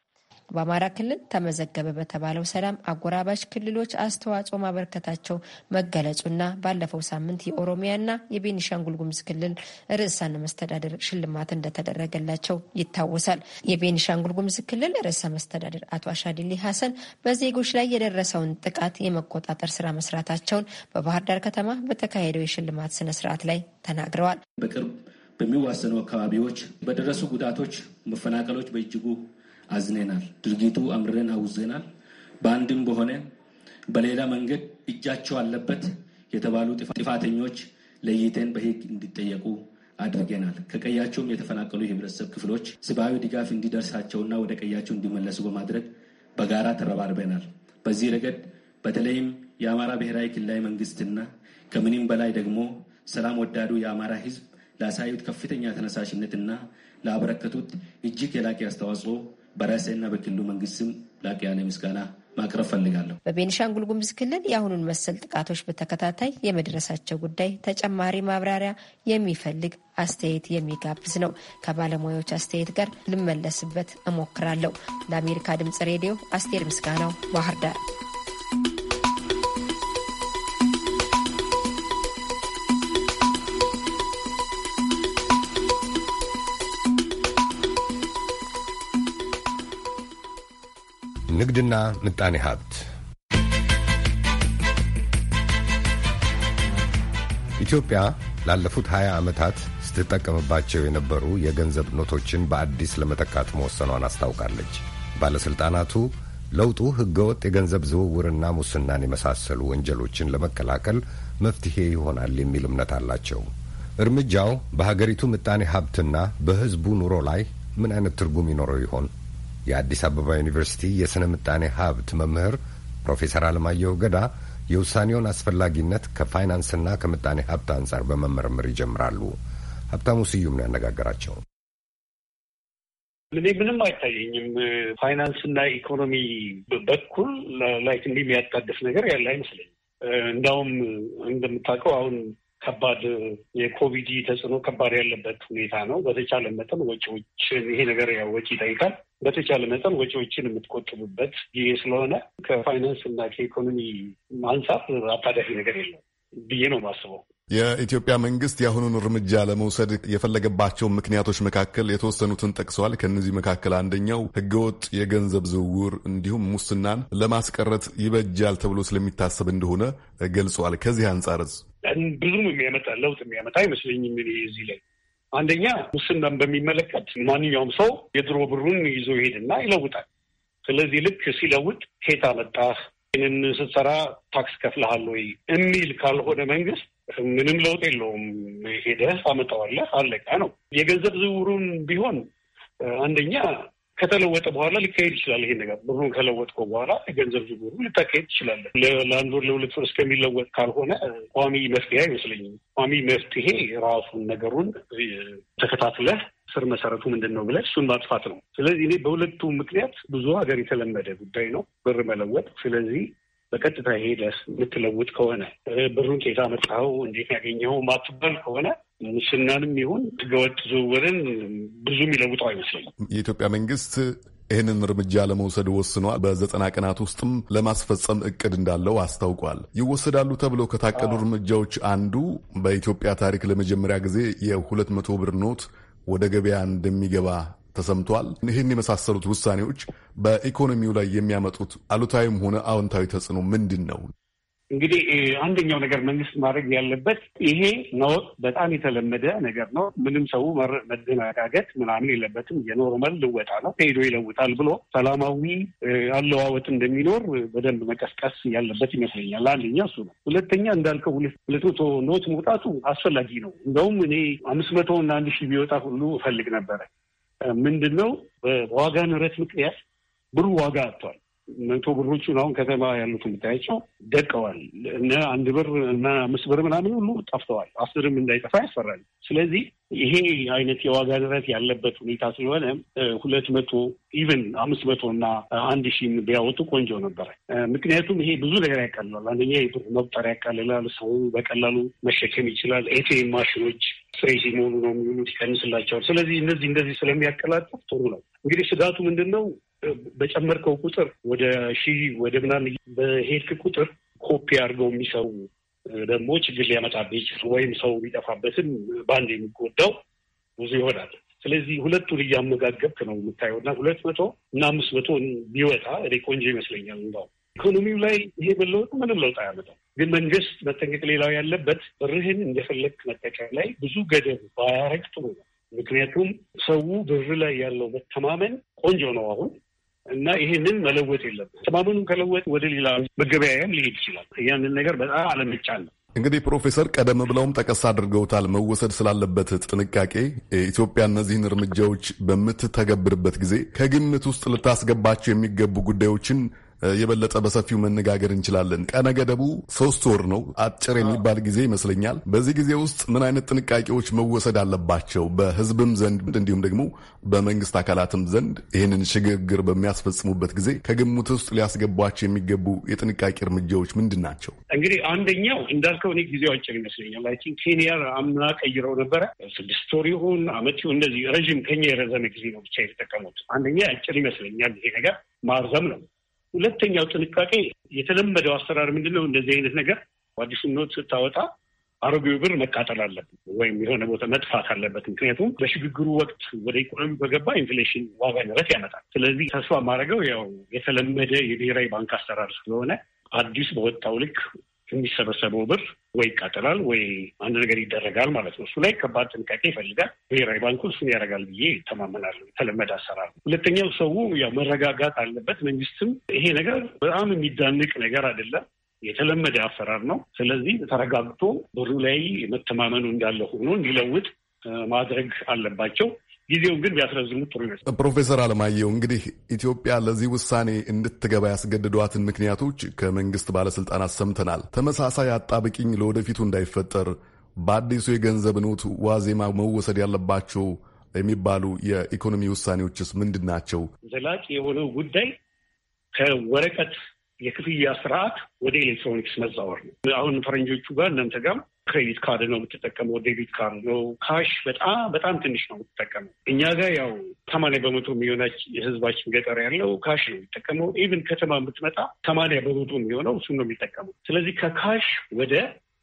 በአማራ ክልል ተመዘገበ በተባለው ሰላም አጎራባች ክልሎች አስተዋጽኦ ማበረከታቸው መገለጹና ባለፈው ሳምንት የኦሮሚያና የቤኒሻንጉል ጉምዝ ክልል ርዕሰ መስተዳድር ሽልማት እንደተደረገላቸው ይታወሳል። የቤኒሻንጉል ጉምዝ ክልል ርዕሰ መስተዳድር አቶ አሻዲሊ ሀሰን በዜጎች ላይ የደረሰውን ጥቃት የመቆጣጠር ስራ መስራታቸውን በባህር ዳር ከተማ በተካሄደው የሽልማት ስነስርዓት ላይ ተናግረዋል። በቅርብ በሚዋሰኑ አካባቢዎች በደረሱ ጉዳቶች መፈናቀሎች በእጅጉ አዝነናል። ድርጊቱ አምረን አውዘናል። በአንድም በሆነ በሌላ መንገድ እጃቸው አለበት የተባሉ ጥፋተኞች ለይተን በሕግ እንዲጠየቁ አድርገናል። ከቀያቸውም የተፈናቀሉ የህብረተሰብ ክፍሎች ሰብአዊ ድጋፍ እንዲደርሳቸውና ወደ ቀያቸው እንዲመለሱ በማድረግ በጋራ ተረባርበናል። በዚህ ረገድ በተለይም የአማራ ብሔራዊ ክልላዊ መንግስትና ከምንም በላይ ደግሞ ሰላም ወዳዱ የአማራ ህዝብ ላሳዩት ከፍተኛ ተነሳሽነትና ላበረከቱት እጅግ የላቀ አስተዋጽኦ በራሴና በክልሉ መንግስት ስም ላቅ ያለ ምስጋና ማቅረብ ፈልጋለሁ። በቤኒሻንጉል ጉምዝ ክልል የአሁኑን መሰል ጥቃቶች በተከታታይ የመድረሳቸው ጉዳይ ተጨማሪ ማብራሪያ የሚፈልግ አስተያየት የሚጋብዝ ነው። ከባለሙያዎች አስተያየት ጋር ልመለስበት እሞክራለሁ። ለአሜሪካ ድምጽ ሬዲዮ አስቴር ምስጋናው ባህር ዳር ንግድና ምጣኔ ሀብት ኢትዮጵያ ላለፉት 20 ዓመታት ስትጠቀምባቸው የነበሩ የገንዘብ ኖቶችን በአዲስ ለመተካት መወሰኗን አስታውቃለች። ባለሥልጣናቱ ለውጡ ሕገወጥ የገንዘብ ዝውውርና ሙስናን የመሳሰሉ ወንጀሎችን ለመከላከል መፍትሄ ይሆናል የሚል እምነት አላቸው። እርምጃው በሀገሪቱ ምጣኔ ሀብትና በሕዝቡ ኑሮ ላይ ምን አይነት ትርጉም ይኖረው ይሆን? የአዲስ አበባ ዩኒቨርሲቲ የሥነ ምጣኔ ሀብት መምህር ፕሮፌሰር አለማየሁ ገዳ የውሳኔውን አስፈላጊነት ከፋይናንስና ከምጣኔ ሀብት አንጻር በመመርመር ይጀምራሉ። ሀብታሙ ስዩም ነው ያነጋገራቸው። እኔ ምንም አይታየኝም። ፋይናንስና ኢኮኖሚ በኩል ላይክ እንዲህ የሚያጣድፍ ነገር ያለ አይመስለኝም። እንዳውም እንደምታውቀው አሁን ከባድ የኮቪድ ተጽዕኖ ከባድ ያለበት ሁኔታ ነው። በተቻለ መጠን ወጪዎችን ይሄ ነገር ያው ወጪ ይጠይቃል። በተቻለ መጠን ወጪዎችን የምትቆጥቡበት ጊዜ ስለሆነ ከፋይናንስ እና ከኢኮኖሚ አንጻር አታዳፊ ነገር የለም ብዬ ነው ማስበው። የኢትዮጵያ መንግስት የአሁኑን እርምጃ ለመውሰድ የፈለገባቸው ምክንያቶች መካከል የተወሰኑትን ጠቅሰዋል። ከእነዚህ መካከል አንደኛው ህገወጥ የገንዘብ ዝውውር እንዲሁም ሙስናን ለማስቀረት ይበጃል ተብሎ ስለሚታሰብ እንደሆነ ገልጸዋል። ከዚህ አንጻርስ ብዙም የሚያመጣ ለውጥ የሚያመጣ አይመስለኝም። እዚህ ላይ አንደኛ ሙስናን በሚመለከት ማንኛውም ሰው የድሮ ብሩን ይዞ ይሄድና ይለውጣል። ስለዚህ ልክ ሲለውጥ ኬታ አመጣህ ይህንን ስትሰራ ታክስ ከፍልሃል ወይ የሚል ካልሆነ መንግስት ምንም ለውጥ የለውም። ሄደህ አመጣዋለህ፣ አለቃ ነው። የገንዘብ ዝውውሩን ቢሆን አንደኛ ከተለወጠ በኋላ ሊካሄድ ይችላል። ይሄ ነገር ብሩን ከለወጥከ በኋላ የገንዘብ ዝውውሩ ልታካሄድ ትችላለህ። ለአንድ ወር ለሁለት ወር እስከሚለወጥ ካልሆነ ቋሚ መፍትሄ አይመስለኝም። ቋሚ መፍትሄ ራሱን ነገሩን ተከታትለህ ስር መሰረቱ ምንድን ነው ብለህ እሱን ማጥፋት ነው። ስለዚህ እኔ በሁለቱ ምክንያት ብዙ ሀገር የተለመደ ጉዳይ ነው ብር መለወጥ። ስለዚህ በቀጥታ ሄደህ የምትለውጥ ከሆነ ብሩን ኬታ መጣኸው እንዴት ያገኘኸው ማትባል ከሆነ ሙስናንም ይሁን ህገወጥ ዝውውርን ብዙ የሚለውጠው አይመስለኝም። የኢትዮጵያ መንግስት ይህንን እርምጃ ለመውሰድ ወስኗል። በዘጠና ቀናት ውስጥም ለማስፈጸም እቅድ እንዳለው አስታውቋል። ይወሰዳሉ ተብለው ከታቀዱ እርምጃዎች አንዱ በኢትዮጵያ ታሪክ ለመጀመሪያ ጊዜ የሁለት መቶ ብር ኖት ወደ ገበያ እንደሚገባ ተሰምቷል። ይህን የመሳሰሉት ውሳኔዎች በኢኮኖሚው ላይ የሚያመጡት አሉታዊም ሆነ አዎንታዊ ተጽዕኖ ምንድን ነው? እንግዲህ አንደኛው ነገር መንግስት ማድረግ ያለበት ይሄ ነው። በጣም የተለመደ ነገር ነው። ምንም ሰው መደናጋገት ምናምን የለበትም። የኖርመል ልወጣ ነው፣ ሄዶ ይለውጣል ብሎ ሰላማዊ አለዋወጥ እንደሚኖር በደንብ መቀስቀስ ያለበት ይመስለኛል። አንደኛ እሱ ነው። ሁለተኛ እንዳልከው ሁለት መቶ ኖት መውጣቱ አስፈላጊ ነው። እንደውም እኔ አምስት መቶ እና አንድ ሺህ ቢወጣ ሁሉ እፈልግ ነበረ። ምንድን ነው? በዋጋ ንረት ምክንያት ብሩ ዋጋ አጥቷል። መቶ ብሮቹን አሁን ከተማ ያሉት የምታያቸው ደቀዋል እና አንድ ብር እና አምስት ብር ምናምን ሁሉ ጠፍተዋል። አስርም እንዳይጠፋ ያስፈራል። ስለዚህ ይሄ አይነት የዋጋ ንረት ያለበት ሁኔታ ስለሆነ ሁለት መቶ ኢቨን አምስት መቶ እና አንድ ሺህ ቢያወጡ ቆንጆ ነበረ። ምክንያቱም ይሄ ብዙ ነገር ያቀልላል። አንደኛ የብር መቁጠር ያቀልላል። ሰው በቀላሉ መሸከም ይችላል። ኤቲኤም ማሽኖች ፍሬ መሆኑ ነው የሚውሉት፣ ይቀንስላቸዋል። ስለዚህ እነዚህ እንደዚህ ስለሚያቀላጥፍ ጥሩ ነው። እንግዲህ ስጋቱ ምንድን ነው? በጨመርከው ቁጥር ወደ ሺህ ወደ ምናምን በሄድክ ቁጥር ኮፒ አድርገው የሚሰሩ ደግሞ ችግር ሊያመጣብህ ይችላል። ወይም ሰው ቢጠፋበትም በአንድ የሚጎዳው ብዙ ይሆናል። ስለዚህ ሁለቱን እያመጋገብክ ነው የምታየው እና ሁለት መቶ እና አምስት መቶ ቢወጣ እኔ ቆንጆ ይመስለኛል። እንዳው ኢኮኖሚው ላይ ይሄ መለወጡ ምንም ለውጥ አያመጣም። ግን መንግስት መጠንቀቅ ሌላው ያለበት ብርህን እንደፈለግ መጠቀም ላይ ብዙ ገደብ ባያረግ ጥሩ ነው። ምክንያቱም ሰው ብር ላይ ያለው መተማመን ቆንጆ ነው አሁን እና ይሄንን መለወጥ የለብን። አሰማመኑን ከለወጥ ወደ ሌላ መገበያያም ሊሄድ ይችላል። ያንን ነገር በጣም አለመጫን እንግዲህ ፕሮፌሰር ቀደም ብለውም ጠቀስ አድርገውታል፣ መወሰድ ስላለበት ጥንቃቄ ኢትዮጵያ እነዚህን እርምጃዎች በምትተገብርበት ጊዜ ከግምት ውስጥ ልታስገባቸው የሚገቡ ጉዳዮችን የበለጠ በሰፊው መነጋገር እንችላለን። ቀነ ገደቡ ሶስት ወር ነው፣ አጭር የሚባል ጊዜ ይመስለኛል። በዚህ ጊዜ ውስጥ ምን አይነት ጥንቃቄዎች መወሰድ አለባቸው? በህዝብም ዘንድ እንዲሁም ደግሞ በመንግስት አካላትም ዘንድ ይህንን ሽግግር በሚያስፈጽሙበት ጊዜ ከግምት ውስጥ ሊያስገቧቸው የሚገቡ የጥንቃቄ እርምጃዎች ምንድን ናቸው? እንግዲህ አንደኛው እንዳልከው እኔ ጊዜው አጭር ይመስለኛል። አይ ቲንክ ኬንያ አምና ቀይረው ነበረ። ስድስት ወር ይሁን አመት ይሁን እንደዚህ ረዥም ከኛ የረዘመ ጊዜ ነው ብቻ የተጠቀሙት። አንደኛ አጭር ይመስለኛል ይሄ ነገር ማርዘም ነው። ሁለተኛው ጥንቃቄ የተለመደው አሰራር ምንድነው እንደዚህ አይነት ነገር አዲሱ ኖት ስታወጣ አሮጌው ብር መቃጠል አለበት ወይም የሆነ ቦታ መጥፋት አለበት። ምክንያቱም በሽግግሩ ወቅት ወደ ኢኮኖሚ በገባ ኢንፍሌሽን ዋጋ ንረት ያመጣል። ስለዚህ ተስፋ ማድረገው ያው የተለመደ የብሔራዊ ባንክ አሰራር ስለሆነ አዲስ በወጣው ልክ የሚሰበሰበው ብር ወይ ይቃጠላል ወይ አንድ ነገር ይደረጋል ማለት ነው። እሱ ላይ ከባድ ጥንቃቄ ይፈልጋል። ብሔራዊ ባንኩ እሱን ያደርጋል ብዬ ይተማመናል። የተለመደ አሰራር ነው። ሁለተኛው ሰው ያው መረጋጋት አለበት። መንግስትም ይሄ ነገር በጣም የሚዳንቅ ነገር አይደለም። የተለመደ አሰራር ነው። ስለዚህ ተረጋግቶ ብሩ ላይ መተማመኑ እንዳለ ሆኖ እንዲለውጥ ማድረግ አለባቸው። ጊዜውን ግን ቢያስረዝሙት ጥሩ ይመስል። ፕሮፌሰር አለማየሁ እንግዲህ ኢትዮጵያ ለዚህ ውሳኔ እንድትገባ ያስገድዷትን ምክንያቶች ከመንግስት ባለስልጣናት ሰምተናል። ተመሳሳይ አጣብቂኝ ለወደፊቱ እንዳይፈጠር በአዲሱ የገንዘብ ኖት ዋዜማ መወሰድ ያለባቸው የሚባሉ የኢኮኖሚ ውሳኔዎችስ ምንድን ናቸው? ዘላቂ የሆነው ጉዳይ ከወረቀት የክፍያ ስርዓት ወደ ኤሌክትሮኒክስ መዛወር ነው። አሁን ፈረንጆቹ ጋር እናንተ ጋር ክሬዲት ካርድ ነው የምትጠቀመው፣ ዴቢት ካርድ ነው። ካሽ በጣም በጣም ትንሽ ነው የምትጠቀመው። እኛ ጋር ያው ሰማንያ በመቶ የሚሆናች የህዝባችን ገጠር ያለው ካሽ ነው የሚጠቀመው። ኢቭን ከተማ የምትመጣ ሰማንያ በመቶ የሚሆነው እሱ ነው የሚጠቀመው። ስለዚህ ከካሽ ወደ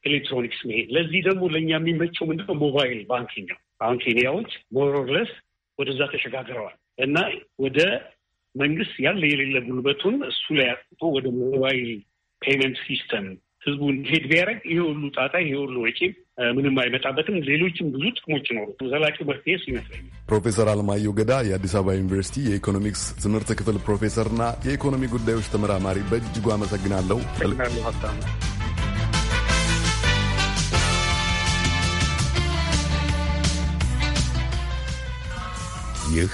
ኤሌክትሮኒክስ መሄድ። ለዚህ ደግሞ ለእኛ የሚመቸው ምንድነው ሞባይል ባንኪንግ ነው። አሁን ኬንያዎች ሞሮርለስ ወደዛ ተሸጋግረዋል እና ወደ መንግስት ያለ የሌለ ጉልበቱን እሱ ላይ አጥቶ ወደ ሞባይል ፔመንት ሲስተም ህዝቡ እንዲሄድ ቢያደርግ ይሄ ሁሉ ጣጣ ይሄ ሁሉ ወጪ ምንም አይመጣበትም። ሌሎችም ብዙ ጥቅሞች ይኖሩ ዘላቂ መፍትሄ ይመስለኛል። ፕሮፌሰር አለማየሁ ገዳ የአዲስ አበባ ዩኒቨርሲቲ የኢኮኖሚክስ ትምህርት ክፍል ፕሮፌሰርና የኢኮኖሚ ጉዳዮች ተመራማሪ፣ በእጅጉ አመሰግናለሁ። አመሰግናለሁ አመሰግናለሁ ይህ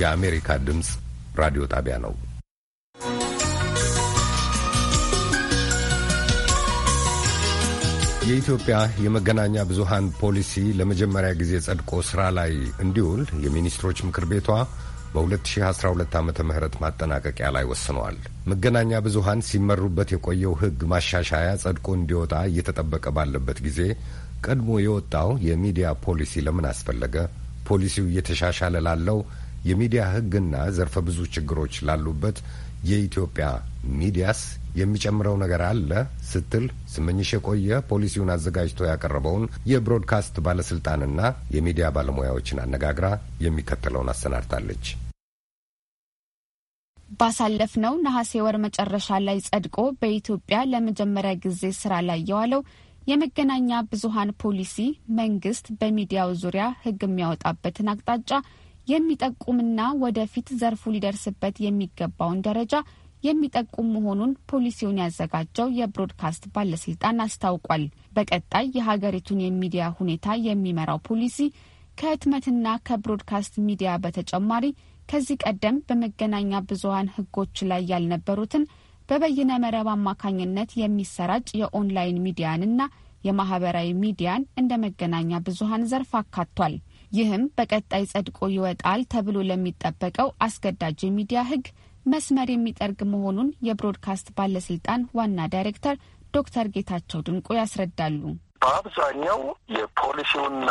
የአሜሪካ ድምፅ ራዲዮ ጣቢያ ነው። የኢትዮጵያ የመገናኛ ብዙሃን ፖሊሲ ለመጀመሪያ ጊዜ ጸድቆ ስራ ላይ እንዲውል የሚኒስትሮች ምክር ቤቷ በ2012 ዓ ም ማጠናቀቂያ ላይ ወስኗል። መገናኛ ብዙሃን ሲመሩበት የቆየው ሕግ ማሻሻያ ጸድቆ እንዲወጣ እየተጠበቀ ባለበት ጊዜ ቀድሞ የወጣው የሚዲያ ፖሊሲ ለምን አስፈለገ? ፖሊሲው እየተሻሻለ ላለው የሚዲያ ሕግና ዘርፈ ብዙ ችግሮች ላሉበት የኢትዮጵያ ሚዲያስ የሚጨምረው ነገር አለ ስትል ስመኝሽ የቆየ ፖሊሲውን አዘጋጅቶ ያቀረበውን የብሮድካስት ባለስልጣንና የሚዲያ ባለሙያዎችን አነጋግራ የሚከተለውን አሰናድታለች። ባሳለፍነው ነሐሴ ወር መጨረሻ ላይ ጸድቆ በኢትዮጵያ ለመጀመሪያ ጊዜ ስራ ላይ የዋለው የመገናኛ ብዙሃን ፖሊሲ መንግስት በሚዲያው ዙሪያ ሕግ የሚያወጣበትን አቅጣጫ የሚጠቁምና ወደፊት ዘርፉ ሊደርስበት የሚገባውን ደረጃ የሚጠቁም መሆኑን ፖሊሲውን ያዘጋጀው የብሮድካስት ባለስልጣን አስታውቋል። በቀጣይ የሀገሪቱን የሚዲያ ሁኔታ የሚመራው ፖሊሲ ከህትመትና ከብሮድካስት ሚዲያ በተጨማሪ ከዚህ ቀደም በመገናኛ ብዙሀን ህጎች ላይ ያልነበሩትን በበይነ መረብ አማካኝነት የሚሰራጭ የኦንላይን ሚዲያንና የማህበራዊ ሚዲያን እንደ መገናኛ ብዙሀን ዘርፍ አካቷል። ይህም በቀጣይ ጸድቆ ይወጣል ተብሎ ለሚጠበቀው አስገዳጅ የሚዲያ ህግ መስመር የሚጠርግ መሆኑን የብሮድካስት ባለስልጣን ዋና ዳይሬክተር ዶክተር ጌታቸው ድንቆ ያስረዳሉ። በአብዛኛው የፖሊሲውና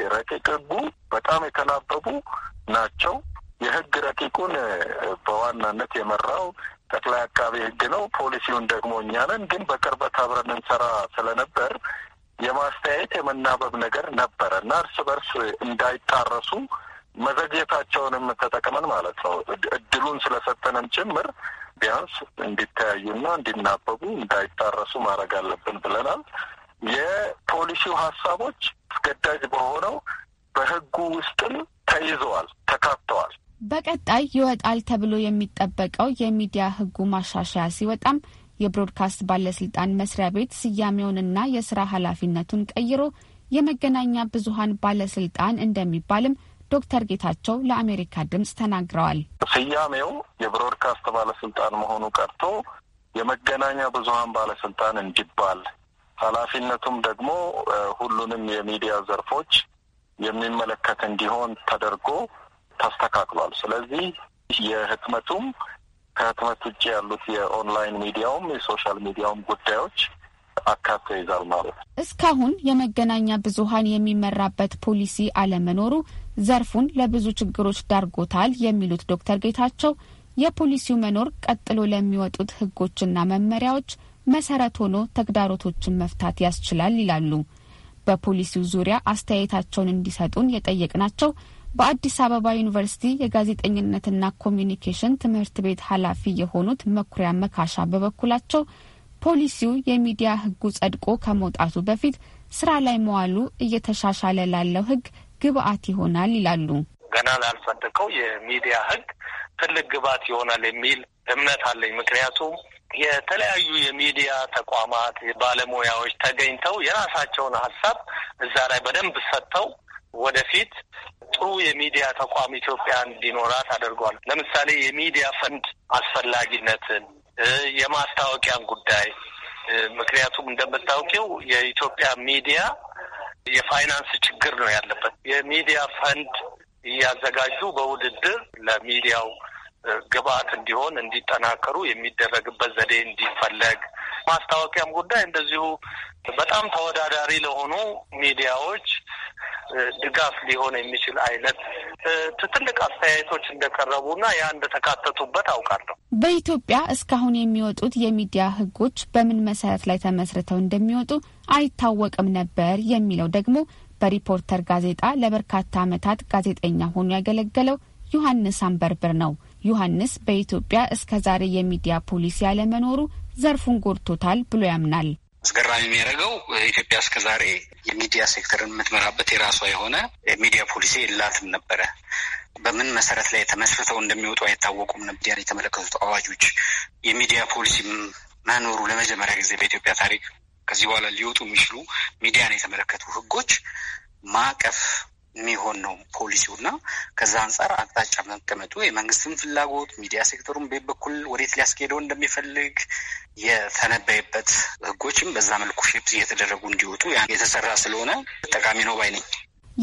የረቂቅ ህጉ በጣም የተናበቡ ናቸው። የህግ ረቂቁን በዋናነት የመራው ጠቅላይ አቃቤ ህግ ነው። ፖሊሲውን ደግሞ እኛ ነን። ግን በቅርበት አብረን እንሰራ ስለነበር የማስተያየት የመናበብ ነገር ነበረ እና እርስ በርስ እንዳይጣረሱ መዘግየታቸውንም ተጠቅመን ማለት ነው እድሉን ስለሰጠንም ጭምር ቢያንስ እንዲተያዩና እንዲናበቡ እንዳይጣረሱ ማድረግ አለብን ብለናል። የፖሊሲው ሀሳቦች አስገዳጅ በሆነው በህጉ ውስጥም ተይዘዋል፣ ተካተዋል። በቀጣይ ይወጣል ተብሎ የሚጠበቀው የሚዲያ ህጉ ማሻሻያ ሲወጣም የብሮድካስት ባለስልጣን መስሪያ ቤት ስያሜውንና የስራ ኃላፊነቱን ቀይሮ የመገናኛ ብዙሀን ባለስልጣን እንደሚባልም ዶክተር ጌታቸው ለአሜሪካ ድምፅ ተናግረዋል። ስያሜው የብሮድካስት ባለስልጣን መሆኑ ቀርቶ የመገናኛ ብዙሀን ባለስልጣን እንዲባል ኃላፊነቱም ደግሞ ሁሉንም የሚዲያ ዘርፎች የሚመለከት እንዲሆን ተደርጎ ተስተካክሏል። ስለዚህ የህትመቱም ከህትመት ውጭ ያሉት የኦንላይን ሚዲያውም የሶሻል ሚዲያውም ጉዳዮች አካቶ ይዛል ማለት ነው። እስካሁን የመገናኛ ብዙሀን የሚመራበት ፖሊሲ አለመኖሩ ዘርፉን ለብዙ ችግሮች ዳርጎታል የሚሉት ዶክተር ጌታቸው የፖሊሲው መኖር ቀጥሎ ለሚወጡት ህጎችና መመሪያዎች መሰረት ሆኖ ተግዳሮቶችን መፍታት ያስችላል ይላሉ። በፖሊሲው ዙሪያ አስተያየታቸውን እንዲሰጡን የጠየቅናቸው በአዲስ አበባ ዩኒቨርሲቲ የጋዜጠኝነትና ኮሚኒኬሽን ትምህርት ቤት ኃላፊ የሆኑት መኩሪያ መካሻ በበኩላቸው ፖሊሲው የሚዲያ ሕጉ ጸድቆ ከመውጣቱ በፊት ስራ ላይ መዋሉ እየተሻሻለ ላለው ሕግ ግብአት ይሆናል ይላሉ። ገና ላልጸደቀው የሚዲያ ሕግ ትልቅ ግብአት ይሆናል የሚል እምነት አለኝ። ምክንያቱም የተለያዩ የሚዲያ ተቋማት ባለሙያዎች ተገኝተው የራሳቸውን ሀሳብ እዛ ላይ በደንብ ሰጥተው ወደፊት ጥሩ የሚዲያ ተቋም ኢትዮጵያ እንዲኖራት አድርጓል። ለምሳሌ የሚዲያ ፈንድ አስፈላጊነትን፣ የማስታወቂያን ጉዳይ ምክንያቱም እንደምታውቂው የኢትዮጵያ ሚዲያ የፋይናንስ ችግር ነው ያለበት። የሚዲያ ፈንድ እያዘጋጁ በውድድር ለሚዲያው ግብአት እንዲሆን እንዲጠናከሩ የሚደረግበት ዘዴ እንዲፈለግ ማስታወቂያም ጉዳይ እንደዚሁ በጣም ተወዳዳሪ ለሆኑ ሚዲያዎች ድጋፍ ሊሆን የሚችል አይነት ትልቅ አስተያየቶች እንደቀረቡና ያ እንደተካተቱበት አውቃለሁ። በኢትዮጵያ እስካሁን የሚወጡት የሚዲያ ሕጎች በምን መሰረት ላይ ተመስርተው እንደሚወጡ አይታወቅም ነበር የሚለው ደግሞ በሪፖርተር ጋዜጣ ለበርካታ ዓመታት ጋዜጠኛ ሆኖ ያገለገለው ዮሐንስ አንበርብር ነው። ዮሐንስ በኢትዮጵያ እስከ ዛሬ የሚዲያ ፖሊሲ ያለመኖሩ ዘርፉን ጎድቶታል ብሎ ያምናል። አስገራሚ የሚያደርገው ኢትዮጵያ እስከ ዛሬ የሚዲያ ሴክተርን የምትመራበት የራሷ የሆነ ሚዲያ ፖሊሲ የላትም ነበረ። በምን መሰረት ላይ ተመስርተው እንደሚወጡ አይታወቁም። ሚዲያን የተመለከቱት አዋጆች የሚዲያ ፖሊሲ መኖሩ ለመጀመሪያ ጊዜ በኢትዮጵያ ታሪክ ከዚህ በኋላ ሊወጡ የሚችሉ ሚዲያን የተመለከቱ ህጎች ማዕቀፍ የሚሆን ነው ፖሊሲው እና ከዛ አንጻር አቅጣጫ መቀመጡ የመንግስትን ፍላጎት ሚዲያ ሴክተሩን በኩል ወዴት ሊያስኬደው እንደሚፈልግ የተነበይበት ህጎችም በዛ መልኩ ሼፕ እየተደረጉ እንዲወጡ የተሰራ ስለሆነ ጠቃሚ ነው ባይ ነኝ።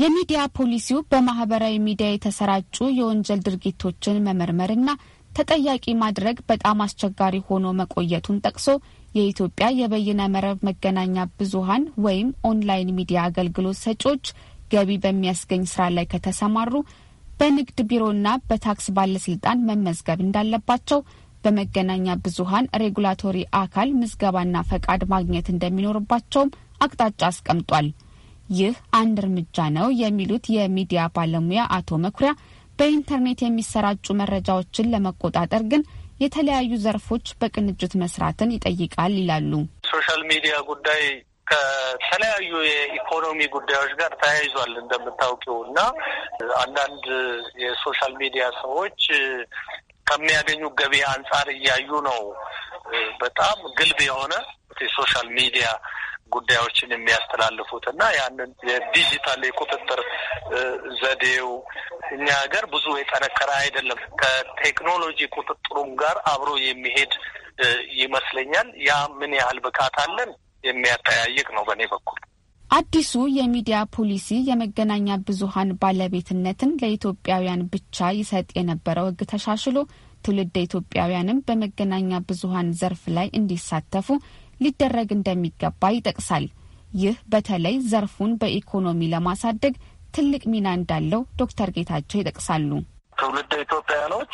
የሚዲያ ፖሊሲው በማህበራዊ ሚዲያ የተሰራጩ የወንጀል ድርጊቶችን መመርመርና ተጠያቂ ማድረግ በጣም አስቸጋሪ ሆኖ መቆየቱን ጠቅሶ የኢትዮጵያ የበይነ መረብ መገናኛ ብዙሀን ወይም ኦንላይን ሚዲያ አገልግሎት ሰጪዎች ገቢ በሚያስገኝ ስራ ላይ ከተሰማሩ በንግድ ቢሮና በታክስ ባለስልጣን መመዝገብ እንዳለባቸው፣ በመገናኛ ብዙሃን ሬጉላቶሪ አካል ምዝገባና ፈቃድ ማግኘት እንደሚኖርባቸውም አቅጣጫ አስቀምጧል። ይህ አንድ እርምጃ ነው የሚሉት የሚዲያ ባለሙያ አቶ መኩሪያ በኢንተርኔት የሚሰራጩ መረጃዎችን ለመቆጣጠር ግን የተለያዩ ዘርፎች በቅንጅት መስራትን ይጠይቃል ይላሉ። ሶሻል ሚዲያ ጉዳይ ከተለያዩ የኢኮኖሚ ጉዳዮች ጋር ተያይዟል እንደምታውቂው እና አንዳንድ የሶሻል ሚዲያ ሰዎች ከሚያገኙ ገቢ አንጻር እያዩ ነው በጣም ግልብ የሆነ የሶሻል ሚዲያ ጉዳዮችን የሚያስተላልፉት እና ያንን የዲጂታል የቁጥጥር ዘዴው እኛ ሀገር ብዙ የጠነከረ አይደለም። ከቴክኖሎጂ ቁጥጥሩም ጋር አብሮ የሚሄድ ይመስለኛል። ያ ምን ያህል ብቃት አለን የሚያጠያይቅ ነው በእኔ በኩል። አዲሱ የሚዲያ ፖሊሲ የመገናኛ ብዙሀን ባለቤትነትን ለኢትዮጵያውያን ብቻ ይሰጥ የነበረው ህግ ተሻሽሎ ትውልደ ኢትዮጵያውያንም በመገናኛ ብዙሀን ዘርፍ ላይ እንዲሳተፉ ሊደረግ እንደሚገባ ይጠቅሳል። ይህ በተለይ ዘርፉን በኢኮኖሚ ለማሳደግ ትልቅ ሚና እንዳለው ዶክተር ጌታቸው ይጠቅሳሉ። ትውልደ ኢትዮጵያውያኖች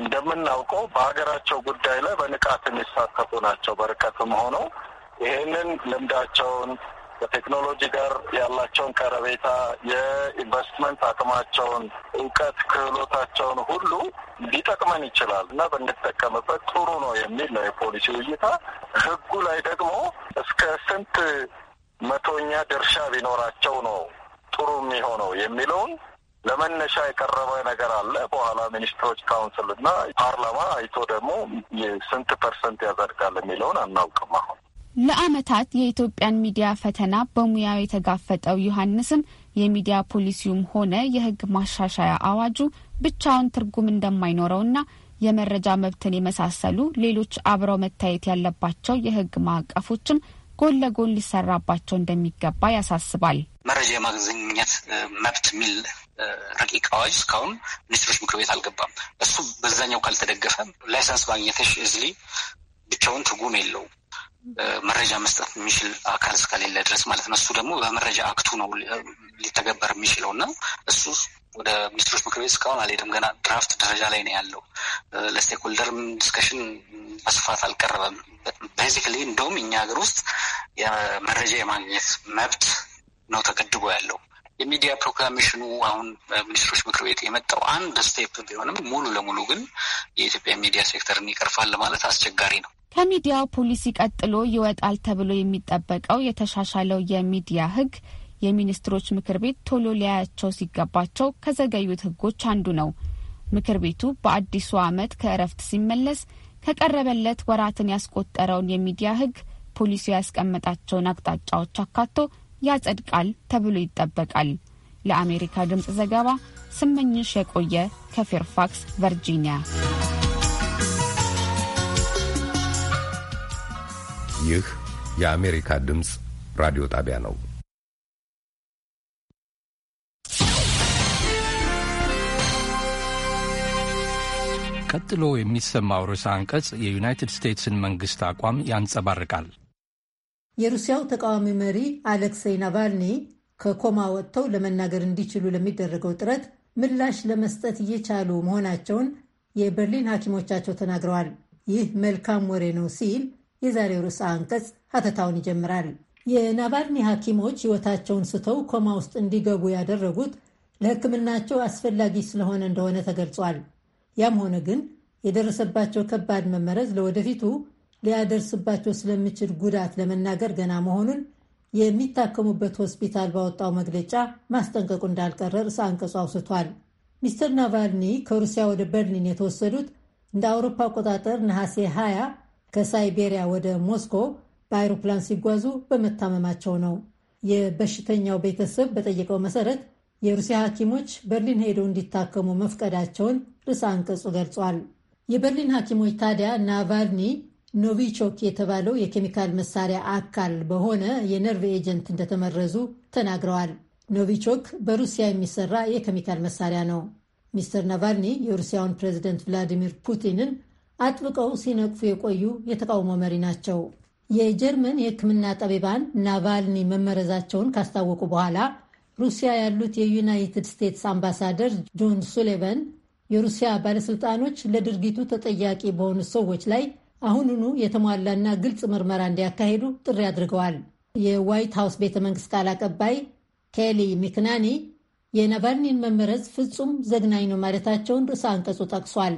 እንደምናውቀው በሀገራቸው ጉዳይ ላይ በንቃት የሚሳተፉ ናቸው። በርቀትም ሆነው ይህንን ልምዳቸውን ከቴክኖሎጂ ጋር ያላቸውን ቀረቤታ፣ የኢንቨስትመንት አቅማቸውን፣ እውቀት ክህሎታቸውን ሁሉ ሊጠቅመን ይችላል እና ብንጠቀምበት ጥሩ ነው የሚል ነው የፖሊሲ እይታ። ህጉ ላይ ደግሞ እስከ ስንት መቶኛ ድርሻ ቢኖራቸው ነው ጥሩ የሚሆነው የሚለውን ለመነሻ የቀረበ ነገር አለ። በኋላ ሚኒስትሮች ካውንስል እና ፓርላማ አይቶ ደግሞ ስንት ፐርሰንት ያጸድቃል የሚለውን አናውቅም አሁን ለአመታት የኢትዮጵያን ሚዲያ ፈተና በሙያው የተጋፈጠው ዮሐንስም የሚዲያ ፖሊሲውም ሆነ የህግ ማሻሻያ አዋጁ ብቻውን ትርጉም እንደማይኖረውና የመረጃ መብትን የመሳሰሉ ሌሎች አብረው መታየት ያለባቸው የህግ ማዕቀፎችም ጎን ለጎን ሊሰራባቸው እንደሚገባ ያሳስባል። መረጃ የማግኘት መብት የሚል ረቂቅ አዋጅ እስካሁን ሚኒስትሮች ምክር ቤት አልገባም። እሱ በዛኛው ካልተደገፈ ላይሰንስ ማግኘተሽ እዝሊ ብቻውን ትርጉም የለውም። መረጃ መስጠት የሚችል አካል እስከሌለ ድረስ ማለት ነው። እሱ ደግሞ በመረጃ አክቱ ነው ሊተገበር የሚችለው እና እሱ ወደ ሚኒስትሮች ምክር ቤት እስካሁን አልሄደም። ገና ድራፍት ደረጃ ላይ ነው ያለው። ለስቴክሆልደርም ዲስከሽን በስፋት አልቀረበም። ቤዚካሊ እንደውም እኛ ሀገር ውስጥ የመረጃ የማግኘት መብት ነው ተገድቦ ያለው የሚዲያ ፕሮክላሜሽኑ አሁን ሚኒስትሮች ምክር ቤት የመጣው አንድ ስቴፕ ቢሆንም ሙሉ ለሙሉ ግን የኢትዮጵያ ሚዲያ ሴክተርን ይቀርፋል ማለት አስቸጋሪ ነው። ከሚዲያው ፖሊሲ ቀጥሎ ይወጣል ተብሎ የሚጠበቀው የተሻሻለው የሚዲያ ህግ የሚኒስትሮች ምክር ቤት ቶሎ ሊያያቸው ሲገባቸው ከዘገዩት ህጎች አንዱ ነው። ምክር ቤቱ በአዲሱ ዓመት ከእረፍት ሲመለስ ከቀረበለት ወራትን ያስቆጠረውን የሚዲያ ህግ ፖሊሲው ያስቀመጣቸውን አቅጣጫዎች አካቶ ያጸድቃል ተብሎ ይጠበቃል። ለአሜሪካ ድምፅ ዘገባ ስመኝሽ የቆየ ከፌርፋክስ ቨርጂኒያ። ይህ የአሜሪካ ድምፅ ራዲዮ ጣቢያ ነው። ቀጥሎ የሚሰማው ርዕሰ አንቀጽ የዩናይትድ ስቴትስን መንግሥት አቋም ያንጸባርቃል። የሩሲያው ተቃዋሚ መሪ አሌክሴይ ናቫልኒ ከኮማ ወጥተው ለመናገር እንዲችሉ ለሚደረገው ጥረት ምላሽ ለመስጠት እየቻሉ መሆናቸውን የበርሊን ሐኪሞቻቸው ተናግረዋል። ይህ መልካም ወሬ ነው ሲል የዛሬው ርዕሰ አንቀጽ ሀተታውን ይጀምራል። የናቫልኒ ሐኪሞች ሕይወታቸውን ስተው ኮማ ውስጥ እንዲገቡ ያደረጉት ለሕክምናቸው አስፈላጊ ስለሆነ እንደሆነ ተገልጿል። ያም ሆነ ግን የደረሰባቸው ከባድ መመረዝ ለወደፊቱ ሊያደርስባቸው ስለሚችል ጉዳት ለመናገር ገና መሆኑን የሚታከሙበት ሆስፒታል ባወጣው መግለጫ ማስጠንቀቁ እንዳልቀረ ርዕሰ አንቀጹ አውስቷል። ሚስተር ናቫልኒ ከሩሲያ ወደ በርሊን የተወሰዱት እንደ አውሮፓ አቆጣጠር ነሐሴ 20 ከሳይቤሪያ ወደ ሞስኮ በአይሮፕላን ሲጓዙ በመታመማቸው ነው። የበሽተኛው ቤተሰብ በጠየቀው መሰረት የሩሲያ ሐኪሞች በርሊን ሄደው እንዲታከሙ መፍቀዳቸውን ርዕሰ አንቀጹ ገልጿል። የበርሊን ሐኪሞች ታዲያ ናቫልኒ ኖቪቾክ የተባለው የኬሚካል መሳሪያ አካል በሆነ የነርቭ ኤጀንት እንደተመረዙ ተናግረዋል። ኖቪቾክ በሩሲያ የሚሰራ የኬሚካል መሳሪያ ነው። ሚስተር ናቫልኒ የሩሲያውን ፕሬዚደንት ቭላዲሚር ፑቲንን አጥብቀው ሲነቅፉ የቆዩ የተቃውሞ መሪ ናቸው። የጀርመን የሕክምና ጠቢባን ናቫልኒ መመረዛቸውን ካስታወቁ በኋላ ሩሲያ ያሉት የዩናይትድ ስቴትስ አምባሳደር ጆን ሱሌቨን የሩሲያ ባለስልጣኖች ለድርጊቱ ተጠያቂ በሆኑ ሰዎች ላይ አሁኑኑ የተሟላና ግልጽ ምርመራ እንዲያካሂዱ ጥሪ አድርገዋል። የዋይት ሀውስ ቤተ መንግስት ቃል አቀባይ ኬሊ ሚክናኒ የናቫልኒን መመረዝ ፍጹም ዘግናኝ ነው ማለታቸውን ርዕሰ አንቀጹ ጠቅሷል።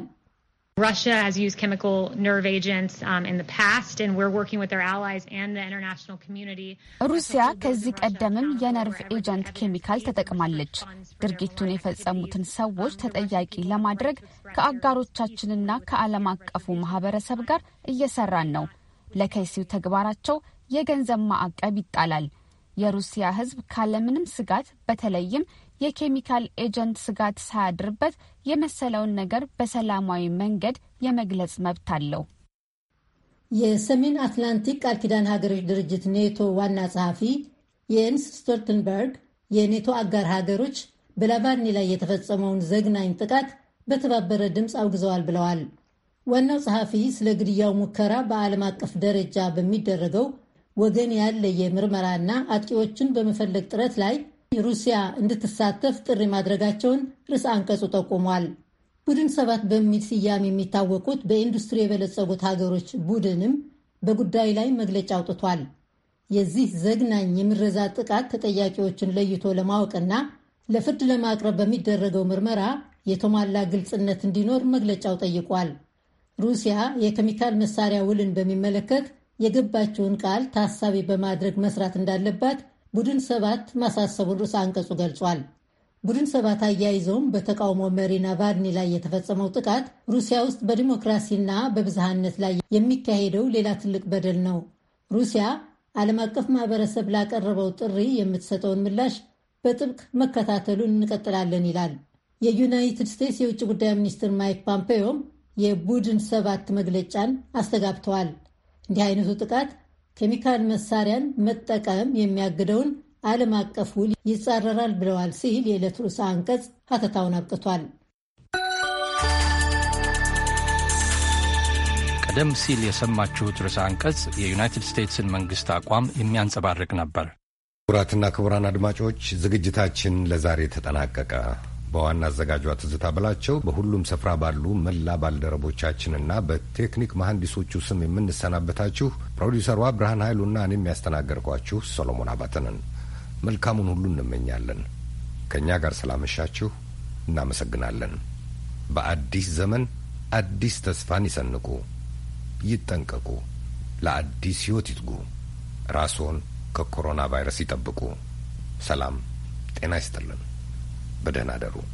Russia has used chemical nerve agents um, in the past, and we're working with their allies and the international community. ሩሲያ ከዚህ ቀደምም የነርቭ ኤጀንት ኬሚካል ተጠቅማለች። ድርጊቱን የፈጸሙትን ሰዎች ተጠያቂ ለማድረግ ከአጋሮቻችንና ከዓለም አቀፉ ማህበረሰብ ጋር እየሰራን ነው። ለከይሲው ተግባራቸው የገንዘብ ማዕቀብ ይጣላል። የሩሲያ ሕዝብ ካለምንም ስጋት በተለይም የኬሚካል ኤጀንት ስጋት ሳያድርበት የመሰለውን ነገር በሰላማዊ መንገድ የመግለጽ መብት አለው። የሰሜን አትላንቲክ ቃል ኪዳን ሀገሮች ድርጅት ኔቶ ዋና ጸሐፊ የንስ ስቶልተንበርግ የኔቶ አጋር ሀገሮች በላቫኒ ላይ የተፈጸመውን ዘግናኝ ጥቃት በተባበረ ድምፅ አውግዘዋል ብለዋል። ዋናው ጸሐፊ ስለ ግድያው ሙከራ በዓለም አቀፍ ደረጃ በሚደረገው ወገን ያለ የምርመራና አጥቂዎችን በመፈለግ ጥረት ላይ ሩሲያ እንድትሳተፍ ጥሪ ማድረጋቸውን ርዕስ አንቀጹ ጠቁሟል። ቡድን ሰባት በሚል ስያሜ የሚታወቁት በኢንዱስትሪ የበለጸጉት ሀገሮች ቡድንም በጉዳዩ ላይ መግለጫ አውጥቷል። የዚህ ዘግናኝ የምረዛ ጥቃት ተጠያቂዎችን ለይቶ ለማወቅና ለፍርድ ለማቅረብ በሚደረገው ምርመራ የተሟላ ግልጽነት እንዲኖር መግለጫው ጠይቋል። ሩሲያ የኬሚካል መሳሪያ ውልን በሚመለከት የገባችውን ቃል ታሳቢ በማድረግ መስራት እንዳለባት ቡድን ሰባት ማሳሰቡን ርዕሰ አንቀጹ ገልጿል። ቡድን ሰባት አያይዘውም በተቃውሞ መሪ ናቫልኒ ላይ የተፈጸመው ጥቃት ሩሲያ ውስጥ በዲሞክራሲና በብዝሃነት ላይ የሚካሄደው ሌላ ትልቅ በደል ነው። ሩሲያ ዓለም አቀፍ ማህበረሰብ ላቀረበው ጥሪ የምትሰጠውን ምላሽ በጥብቅ መከታተሉን እንቀጥላለን ይላል። የዩናይትድ ስቴትስ የውጭ ጉዳይ ሚኒስትር ማይክ ፖምፔዮም የቡድን ሰባት መግለጫን አስተጋብተዋል። እንዲህ አይነቱ ጥቃት ኬሚካል መሳሪያን መጠቀም የሚያግደውን ዓለም አቀፍ ውል ይጻረራል ብለዋል ሲል የዕለት ርዕሰ አንቀጽ ሀተታውን አብቅቷል። ቀደም ሲል የሰማችሁት ርዕሰ አንቀጽ የዩናይትድ ስቴትስን መንግስት አቋም የሚያንጸባርቅ ነበር። ክቡራትና ክቡራን አድማጮች ዝግጅታችን ለዛሬ ተጠናቀቀ። በዋና አዘጋጇ ትዝታ ብላቸው በሁሉም ስፍራ ባሉ መላ ባልደረቦቻችንና በቴክኒክ መሐንዲሶቹ ስም የምንሰናበታችሁ ፕሮዲውሰሯ ብርሃን ኃይሉና እኔ የሚያስተናገርኳችሁ ሰሎሞን አባተንን መልካሙን ሁሉ እንመኛለን። ከእኛ ጋር ስላመሻችሁ እናመሰግናለን። በአዲስ ዘመን አዲስ ተስፋን ይሰንቁ፣ ይጠንቀቁ፣ ለአዲስ ሕይወት ይትጉ፣ ራስዎን ከኮሮና ቫይረስ ይጠብቁ። ሰላም ጤና ይስጥልን። በደህና አደሩ።